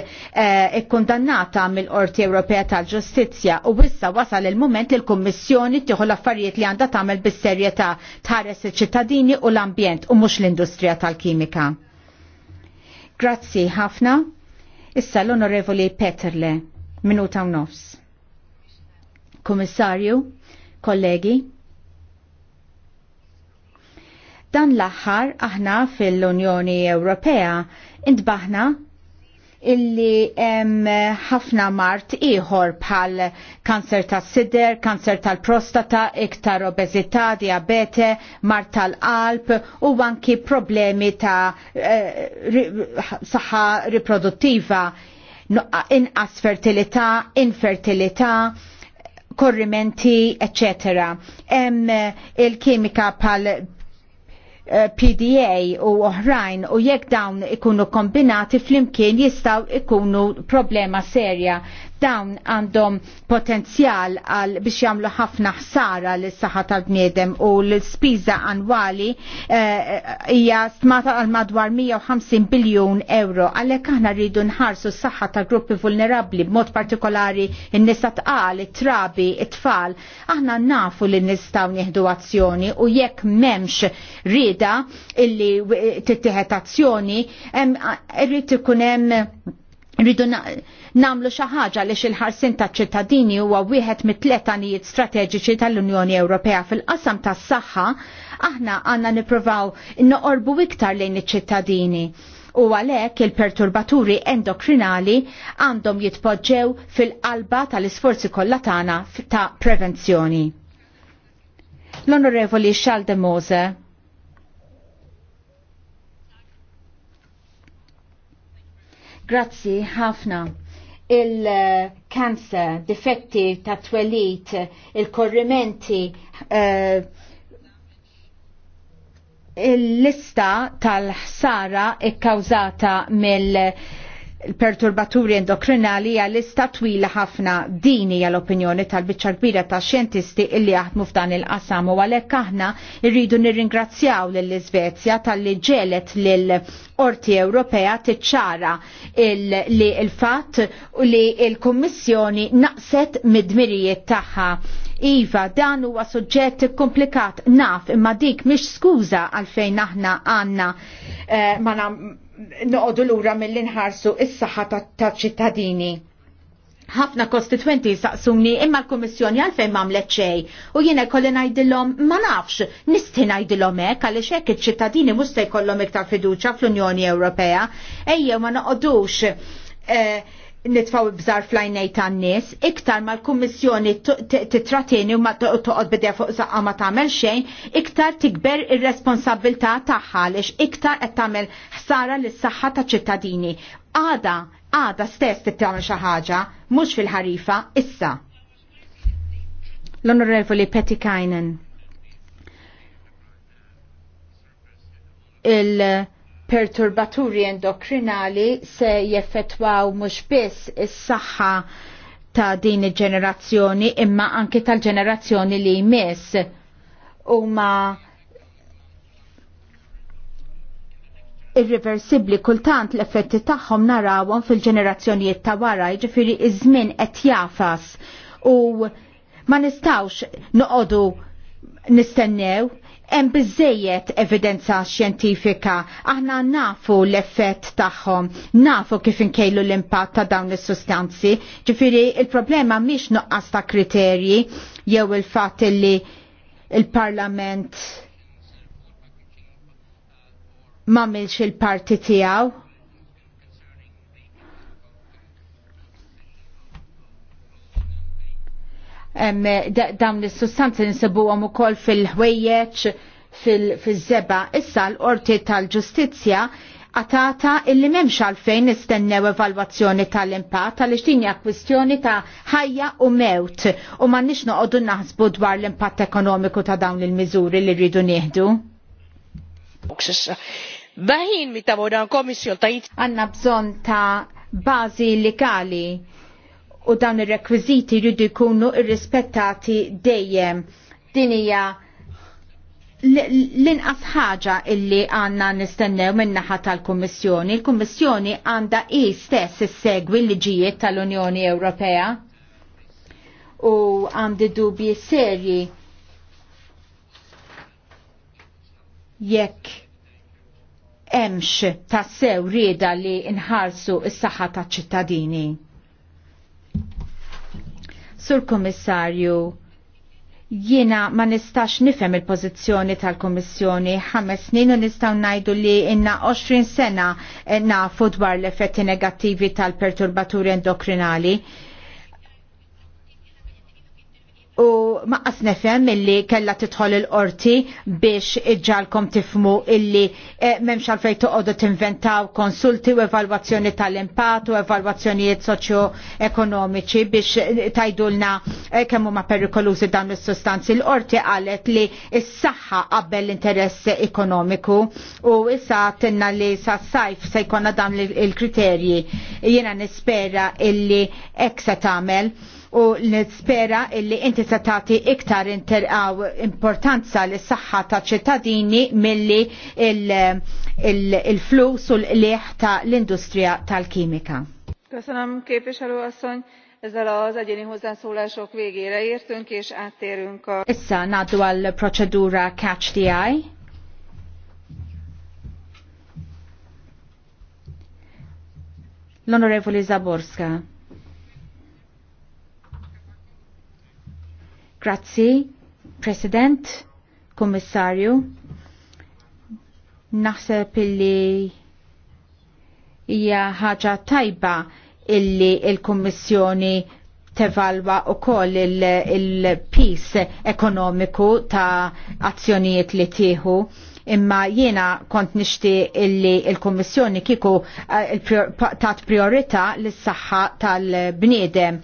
ikkondannata eh, mill-Qorti Ewropea tal-Ġustizzja u issa wasal il-moment li l-Kommissjoni tieħu l-affarijiet li għandha tagħmel bis-serjetà tħares iċ-ċittadini u l-ambjent u mhux l-industrija tal-kimika. Grazzi ħafna. Issa l-Onorevoli Peterle, minuta u nofs. Komissarju, kollegi, dan l-aħħar aħna fil-Unjoni Ewropea intbaħna illi hemm ħafna mart ieħor bħal kanser tas sider, kanser tal-prostata, iktar obeżità, diabete, mart tal-qalb u anki problemi ta' eh, saħħa riproduttiva, inqas fertilità, infertilità korrimenti, etc. Em il-kimika pal Eh, PDA u oħrajn u jekk dawn ikunu kombinati flimkien jistaw ikunu problema serja dawn għandhom potenzjal għal biex jagħmlu ħafna ħsara lis saħħa tal-bniedem u l-spiża annwali eh, eh, hija uh, stmata għal madwar 150 biljun euro għalhekk aħna rridu nħarsu s-saħħa ta' gruppi vulnerabbli b'mod partikolari n-nisa tqal, it-trabi, it-tfal. Aħna nafu li nistgħu nieħdu azzjoni u jekk m'hemmx rida illi tittieħed azzjoni, irrid ikun hemm rridu namlu xi ħaġa li il-ħarsin taċ-ċittadini huwa wieħed mit-tliet għanijiet strateġiċi tal-Unjoni Ewropea fil-qasam tas-saħħa, aħna għandna nippruvaw noqorbu iktar lejn iċ-ċittadini. U għalhekk il-perturbaturi endokrinali għandhom jitpoġġew fil-qalba tal-isforzi kollha tagħna ta' prevenzjoni. L-Onorevoli Charles de Mose Grazzi ħafna il-kanser, difetti ta' twelit, il-korrimenti, uh, il-lista tal-ħsara ikkawzata mill- il-perturbaturi endokrinali għal lista twila ħafna din hija l-opinjoni tal bicċa kbira ta' xjentisti illi jaħdmu f'dan il-qasam u għalhekk aħna rridu nirringrazzjaw lill izvezja tal-li ġelet lil Qorti Ewropea tiċċara li il fatt u li l-Kummissjoni naqset mid-dmirijiet tagħha. Iva, dan huwa suġġett komplikat naf imma dik mhix skuża għalfejn aħna għandna eh, noqogħdu lura mill-inħarsu is-saħħa taċ-ċittadini. Ħafna kostitwenti saqsuni imma l-Kummissjoni għalfejn m'għamlet xejn u jiena kolli ngħidilhom ma nafx nisti ngħidilhom hekk għaliex hekk iċ-ċittadini mhux se jkollhom iktar fiduċja fl-Unjoni Ewropea ejjew ma noqogħdux eh, nitfaw bżar flajnej tan nies iktar ma l-Kummissjoni titrateni u ma toqgħod bidea fuq saqqa ma tagħmel xejn, iktar tikber ir-responsabilità tagħha lix iktar qed tagħmel ħsara lis-saħħa ta' ċittadini Għada, għada stess titgħamel xi ħaġa, mhux fil-ħarifa issa. L-Onorevoli Petty Kajnen. il- perturbaturi endokrinali se jeffetwaw mhux biss is-saħħa ta' din il-ġenerazzjoni imma anke tal-ġenerazzjoni li jmiss u ma irreversibli kultant l-effetti tagħhom narawhom fil-ġenerazzjonijiet ta' wara, jiġifieri iż-żmien qed jafas u ma nistawx noqogħdu nistennew hemm biżejjed evidenza xjentifika, aħna nafu l-effett tagħhom, nafu kif inkejlu l-impatt ta' dawn is-sustanzi. Ġifieri il-problema mhix nuqqas ta' kriterji jew il-fatt li il-Parlament ma milx il-parti tiegħu dawn is-sustanzi nsibuhom ukoll fil-ħwejjeġ fil-żeba. Issa l-qorti tal-ġustizzja għatata illi memx għalfejn nistennew evalwazzjoni tal-impatt għaliex din hija kwistjoni ta' ħajja u mewt u m'għandniex noqogħdu naħsbu dwar l-impatt ekonomiku ta' dawn il-miżuri li rridu nieħdu. Baħin mita vodan komissjon ta' Għanna bżon ta' bażi legali u dawn ir-rekwiżiti jridu jkunu irrispettati dejjem. Din hija l-inqas ħaġa illi għanna nistennew min-naħa tal-Kummissjoni, il-Kummissjoni għanda i stess segwi l-ġijiet tal-Unjoni Ewropea u għandi dubji serji jekk emx tassew rieda li nħarsu s-saħħa taċ-ċittadini. Sur Komissarju, Jiena ma nistax nifem il-pozizjoni tal-Komissjoni ħames snin u nistaw najdu li inna 20 sena eh, nafu dwar l-effetti negattivi tal-perturbaturi endokrinali u maqqas nefhem illi kella titħol il-qorti biex iġġalkom tifmu illi eh, memx għalfej t tinventaw konsulti u evalwazzjoni tal impat u evalwazzjonijiet soċjo-ekonomiċi biex e, tajdulna kemmu kemm huma perikolużi dawn is-sustanzi. L-qorti qalet li s-saħħa qabel l-interess ekonomiku u issa tenna li sa sajf se jkollna dawn il-kriterji. Jiena nispera illi hekk se tagħmel u nispera illi inti se tagħti iktar importanza lis saħħa ta' ċittadini milli il-flus u l-liħ ta' l-industrija tal-kimika. Köszönöm képviselő asszony, ezzel az egyéni hozzászólások végére értünk és áttérünk a... Issa nadu għal procedura Catch the Eye. l Zaborska. Grazzi, President, Kommissarju. Naħseb illi hija ħaġa tajba illi il-Kommissjoni tevalwa u koll il-pis il ekonomiku ta' azzjonijiet li tieħu imma jiena kont nixti illi il-Kommissjoni kiku eh, tat priorità l-saħħa tal-bniedem.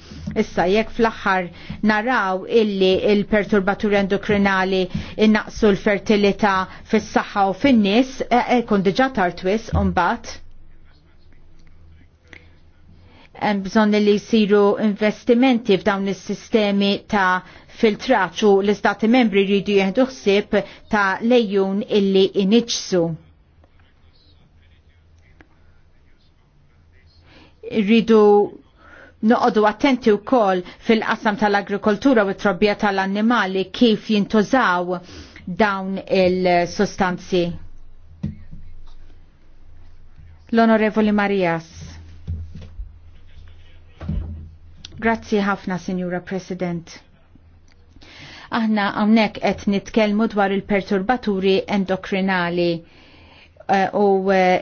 Issa jekk fl-aħħar naraw illi il-perturbaturi endokrinali innaqsu l-fertilità fis-saħħa u fin-nies, eh, eh, kun diġà tartwis u mbagħad bżon li jisiru investimenti f'dawn is-sistemi ta' filtraċu l-istati membri jridu jieħdu ħsieb ta' lejjun illi iniċsu. Rridu noqodu attenti wkoll fil-qasam tal-agrikoltura u t-trobbija tal-annimali kif jintużaw dawn il-sostanzi. L-Onorevoli Marias. Grazzi ħafna, Sinjura President aħna għamnek qed nitkelmu dwar il-perturbaturi endokrinali eh, u eh,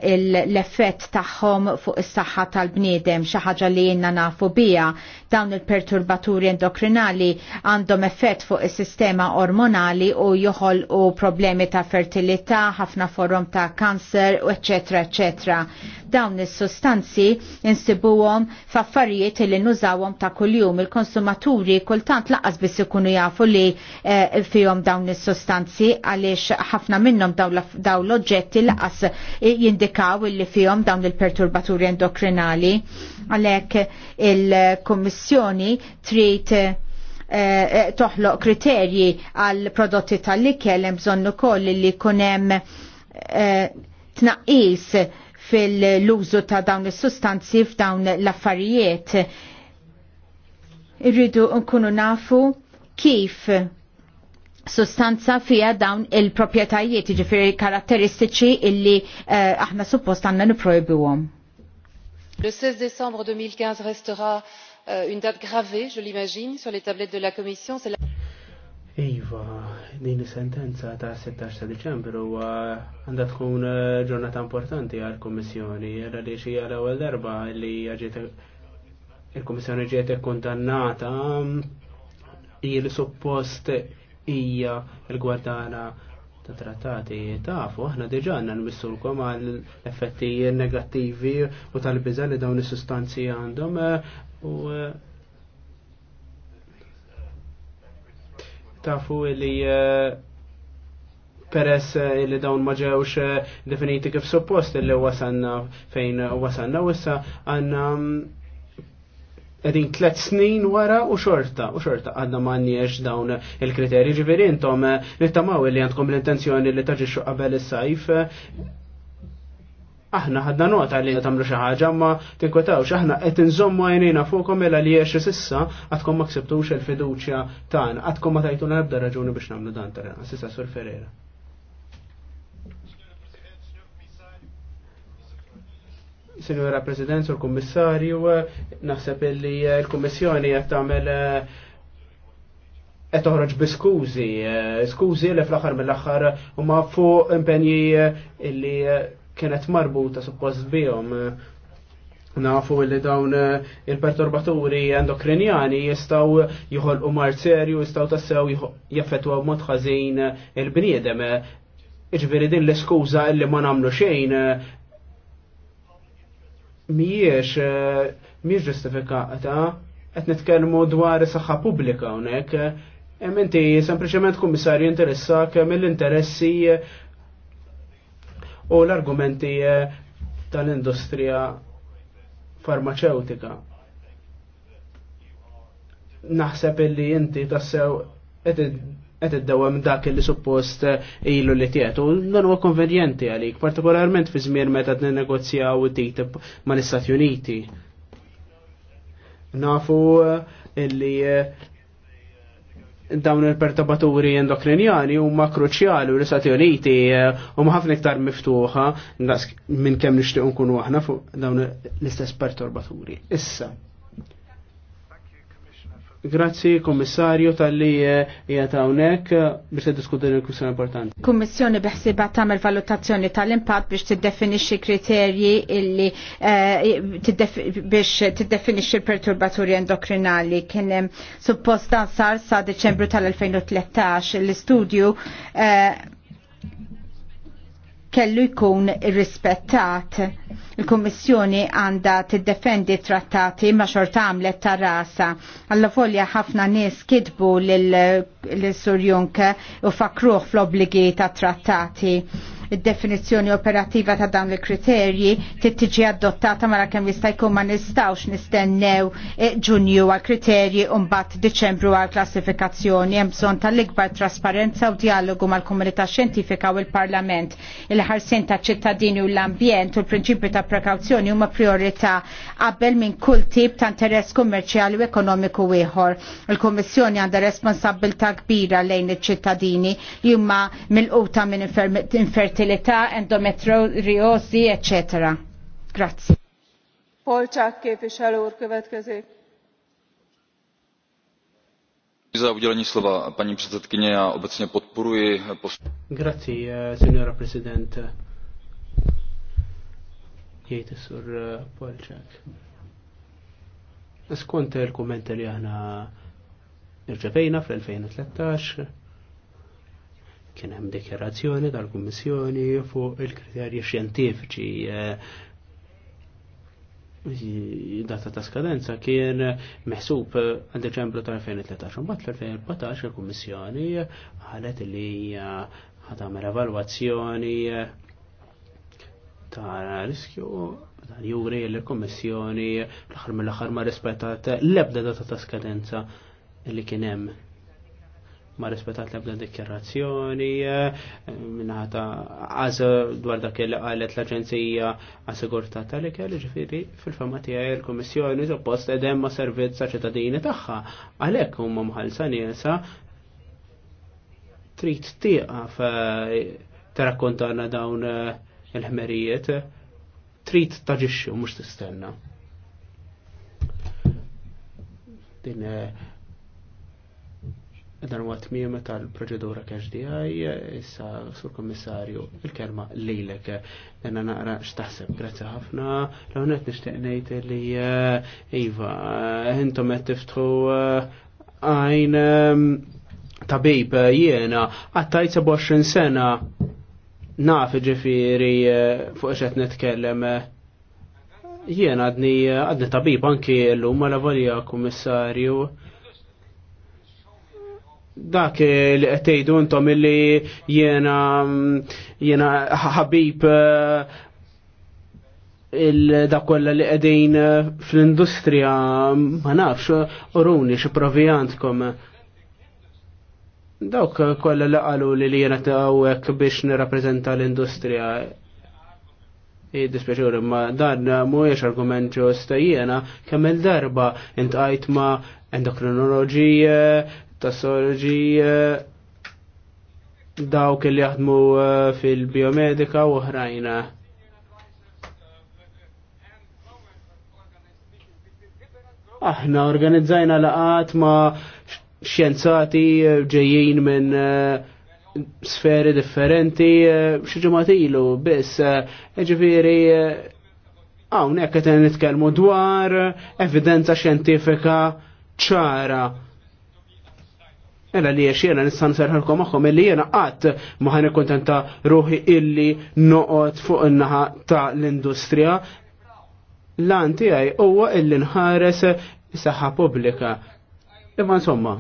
l-effett tagħhom fuq is-saħħa tal-bniedem xi ħaġa li jenna nafu bija Dawn il-perturbaturi endokrinali għandhom effett fuq is-sistema ormonali u joħol u problemi ta' fertilità, ħafna forum ta' kanser, eccetera, eccetera. Dawn is-sustanzi insibuhom f'affarijiet li nużawhom ta' kuljum il-konsumaturi kultant laqas biss ikunu jafu li eh, fihom dawn is-sustanzi għaliex ħafna minnhom dawn l-oġġetti laqas jindikaw li fihom dawn il-perturbaturi endokrinali. Għalhekk il-Kummissjoni trid eh, eh, toħloq kriterji għal prodotti tal-ikel hemm bżonn ukoll li jkun hemm eh, tnaqqis fil lużu ta' dawn is-sustanzi f'dawn l-affarijiet. Irridu nkunu nafu kif sustanza fija dawn il-propietajiet, ġifiri karatteristiċi illi aħna suppost għanna niprojbuwom le seize décembre deux mille quinze restera euh, une date gravée je l'imagine sur les tablettes de la commission. Iva, din sentenza ta' 16 ta' Deċembru huwa għandha tkun eh, ġurnata importanti għall kummissjoni għal li xi għal ewwel darba li ġiet il-Kummissjoni ġiet ikkundannata il suppost hija l-gwardana ta' trattati tafu, aħna diġa għanna nwissulkom għal effetti negattivi u tal-biza li dawn is-sustanzi għandhom eh, u eh, tafu li eh, peress li dawn ma ġewx definiti kif suppost li wasanna fejn wasanna wissa għanna mm, Għedin tlet snin wara u xorta, u xorta għadna manniex dawn il-kriterji ġifiri intom eh, nittamaw li għandkom l-intenzjoni li taġi qabel is-sajf. Aħna ħadna nota li tamlu xi ħaġa ma tinkwetawx aħna qed inżommu għajnejna fuqhom mela li għex sissa għadkom ma ksebtux il-fiduċja tagħna, għadkom ma tajtuna ebda raġuni biex nagħmlu dan tarena, sissa Sur Ferreira. Sinjora President, sur Kummissarju, naħseb li l-Kummissjoni qed tagħmel qed toħroġ bi skużi, skużi li fl-aħħar mill-aħħar huma fuq impenji li kienet marbuta suppost bihom. Nafu li dawn il-perturbaturi endokrinjani jistaw jħolqu mar serju, jistaw tassew jaffetwa mod ħażin il-bniedem. Iġveri din l-iskuża li ma namlu xejn miex eh, miex ġustifikata qed nitkellmu dwar saħħa pubblika hawnhekk. Hemm inti sempliċement kummissarju interessak mill-interessi eh, u l-argumenti eh, tal-industrija farmaceutika. Naħseb illi inti tassew qed qed iddewwem dak li suppost eh, ilu li tiegħu. Dan huwa konvenjenti għalik, partikolarment fi żmien meta qed ninnegozjaw TTIP mal-Istati Uniti. Nafu eh, illi eh, dawn il-perturbaturi endokrinjani huma kruċjali u l-Istati Uniti huma ħafna iktar miftuħa minn kemm nixtieq nkunu aħna fuq dawn l-istess perturbaturi. Issa, Grazzi, kommissarju, tal-li eh, jgħata unek eh, biex diskutin il-kussjoni importanti. Kummissjoni biħsiba tamel valutazzjoni tal-impatt biex tiddefinixxi kriterji illi eh, biex tiddefinixxi perturbaturi endokrinali. Kienem suppost sar sa' Deċembru tal-2013 l-istudju kellu jkun irrispettat. Il-Kommissjoni għanda tiddefendi trattati ma xorta għamlet ta' rasa. Alla folja ħafna nies kidbu l-Sur Juncker u fakruħ fl-obligi ta' trattati id-definizzjoni operattiva ta' dan il-kriterji tittiġi adottata mara kemm jista' jkun ma nistgħux nistennew eh, ġunju għal kriterji u mbagħad Diċembru għal klassifikazzjoni hemm bżonn tal-ikbar trasparenza u dialogu mal-komunità xjentifika u l-Parlament. Il-ħarsien ta' ċittadini u l-ambjent u l-prinċipju ta' prekawzjoni huma priorità qabel minn kull tip ta' interess kummerċjali u ekonomiku ieħor. Il-Kummissjoni għandha responsabilità kbira lejn iċ-ċittadini li huma mill-quta minn infertilità fertilità, endometriosi, eccetera. Grazie. Polcsák képviselő úr következik. za udělení slova, paní předsedkyně. Já obecně podporuji post... Grazie, signora Presidente. Jejte sur Polčák. Skonte il-komment li aħna irċevejna fl-2013, Kien hemm dikjarazzjoni tal-Kummissjoni fuq il-kriterji xjentifiċi eh, data ta' skadenza kien meħsub għal Deċembru tal-2013. Mbagħad fl-2014 il-Kummissjoni qalet li ħatamel evalwazzjoni ta' riskju dan juri l-Kummissjoni l-aħħar mill-aħħar ma rispettat l-ebda data ta' skadenza li kien hemm ma rispetat l-ebda eh, minnata għaz dwar dak li qalet l-Aġenzija għas-Sigurtà tal-Ikel, ġifieri fil-fema tiegħi l-Kummissjoni suppost edem ma' servizza ċittadini tagħha. Għalhekk huma mħallsa niesa trid tieqaf eh, tarakkontana dawn eh, il-ħmerijiet, trid taġixxi u mhux tistenna. Din dan huwa tmiem tal-proċedura KHDI, issa sur kommissarju, il-kelma lilek, għanna naqra xtaħseb, grazzi ħafna, l għonet nixtieq ngħid li eh, Iva, intom qed tiftħu eh, għajn eh, tabib jiena, għattajt 27 sena naf ġifiri fuq x'għed netkellem jiena għadni għadni tabib anki l-lum għal kummissarju dak li qed intom illi jiena jiena ħabib eh, il-da kolla li qegħdin eh, fl-industrija ma nafx uruni provijant kom dawk kolla li qalu li li jiena hawnhekk biex nirrapprezenta l-industrija i dispjaċur ma dan mhuwiex argument ġosta jiena kemm il-darba intqajt ma endokrinoloġi ta' sorġi eh, dawk li jaħdmu eh, fil-biomedika u oħrajna. Aħna organizzajna laqat ma' xjenzati eh, ġejjin minn sferi differenti xieġemat ilu biss ġifiri hawnhekk qed nitkelmu dwar evidenza xjentifika ċara Ela li jiex jena nissan serħalkom maħkom illi jena għat maħani kontenta ruħi illi noqot fuq naħa ta' l-industrija. Lan tijaj huwa illi nħares saħħa publika. Imma insomma,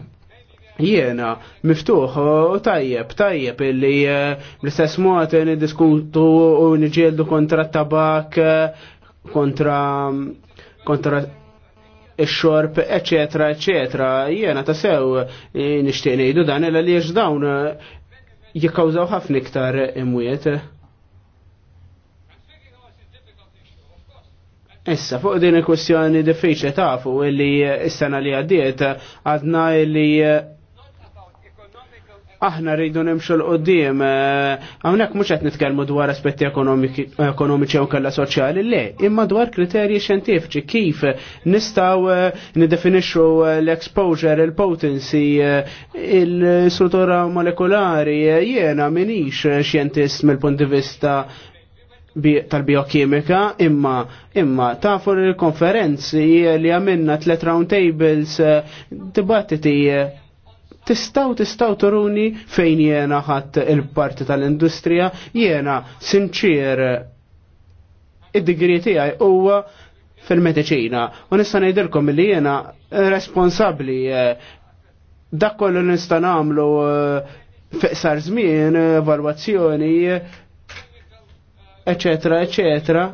jiena miftuħ u tajjeb, tajjeb illi eh, l istess mod diskutu u nġieldu kontra tabak, kontra kontra il-xorb, eccetera, etc., Jena ta' sew eh, nishtiq ngħidu dan illa li dawn eh, jikkawżaw ħafna iktar imwiet. Issa, fuq din il-kwestjoni diffiċli tafu illi s-sena li għaddiet għadna illi eh, aħna rridu nimxu l-qoddim, għawnek eh, mux għet nitkelmu dwar aspetti ekonomiċi u kalla soċjali, le, imma dwar kriterji xjentifiċi, kif nistaw eh, nidefinixu l-exposure, il-potency, eh, il-struttura molekulari, jena minix xjentist mill-punt di vista tal-biokimika, imma imma tafu l-konferenzi li għamilna tlet round tables, dibattiti tistaw tistaw turuni fejn jena ħadd il-parti tal-industrija, jena sinċir id-digri tiegħi huwa fil-mediċina. U nista' ngħidilkom li jena responsabbli eh, dak kollu nista' nagħmlu eh, fiqsar żmien, evalwazzjoni, eċetera, eċetera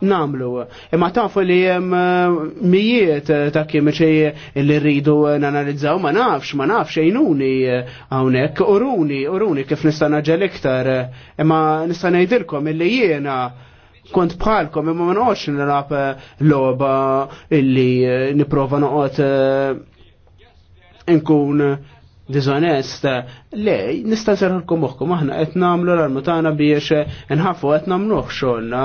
namlu. Imma tafu li jem eh, mijiet eh, ta' kimiċi li rridu eh, nanalizzaw, ma nafx, ma nafx, jnuni għawnek, uruni, uruni kif nista' naġel iktar. Imma nista' ngħidilkom illi jiena kont bħalkom imma ma noqgħodx nilab loba illi nipprova noqgħod nkun dizonest, eh, le, nista' serħalkom moħħkom aħna qed nagħmlu l-armu tagħna biex eh, nħafu qed nagħmluh xogħolna.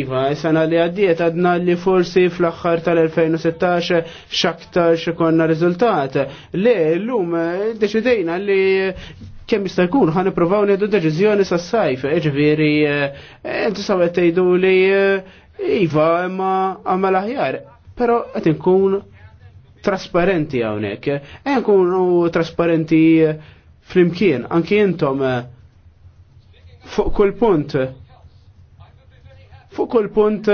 Iva, sena li għaddiet għadna li forsi fl-aħħar tal-2016 x'aktar xi konna riżultat. Le, llum eh, deċidejna li kemm jista' jkun ħan nippruvaw nieħdu deċiżjoni sas-sajf, ġifieri inti saw qed tgħidu li iva imma għamel aħjar. Però qed inkun trasparenti għawnek. Enkunu eh, trasparenti eh, fl-imkien, anki jentom eh, fuq kull punt. Fuq kull punt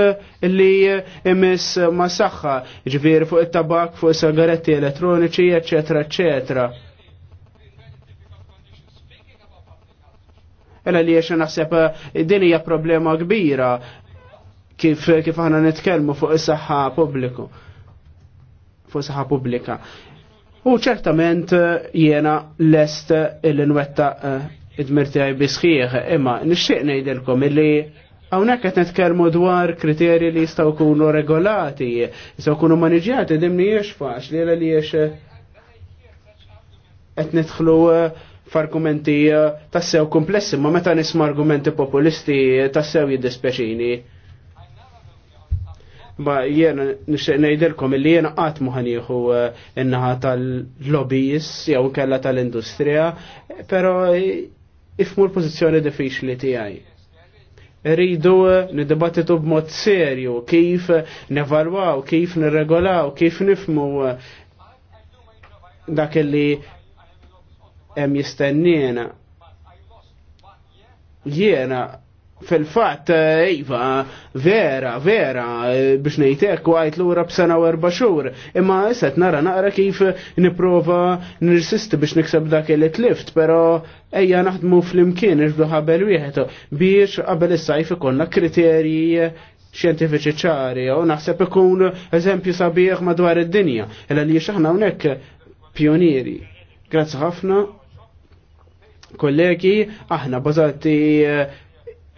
li imis ma saħħa, ġviri fuq il-tabak, fuq il-sagaretti elettroniċi, eccetera, eccetera. Ela li jiex naħseb din hija problema kbira kif kif aħna nitkellmu fuq is-saħħa pubbliku fuq saħa pubblika. U ċertament eh, jiena lest eh, il-nwetta eh, id-mirti għaj imma nixxieq ngħidilkom illi Hawnhekk qed nitkellmu dwar kriterji li jistgħu jkunu regolati, jistgħu jkunu maniġjati dimni mhijiex faċli li għaliex qed nidħlu f'argumenti tassew komplessi, ma meta nisma' argumenti populisti tassew jiddispeċini. Ba jena ngħidilkom illi jena qatt ma eh, innaħa in-naħa tal-lobbies jew kella tal-industrija, però ifmu l-pożizzjoni diffiċli tiegħi. Rridu eh, niddibattitu b'mod serju kif nevalwaw, kif nirregolaw, kif nifmu eh, dak li hemm jistennina. Jiena Fil-fat, eh, Iva, vera, vera, eh, biex nejtek u għajt l-ura b'sena u erba xur. Imma jisset nara naqra kif niprofa nirsisti biex nikseb dak il tlift, pero ejja naħdmu fl-imkien iġdu ħabel wieħed biex qabel is-sajf ikollna kriterji xjentifiċi ċari u naħseb ikun eżempju sabiħ madwar id-dinja, illa li xaħna hawnhekk pionieri. Grazzi ħafna, kollegi, aħna bazati eh,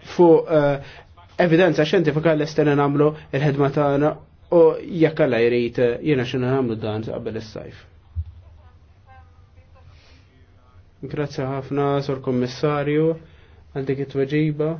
fuq eh, evidenza xentifika l-estena namlu il-ħedma tagħna u jekk alla jrid eh, jiena x'inhu nagħmlu dan qabel is-sajf. Grazzi ħafna, Sur Kommissarju, għal dik it-tweġiba.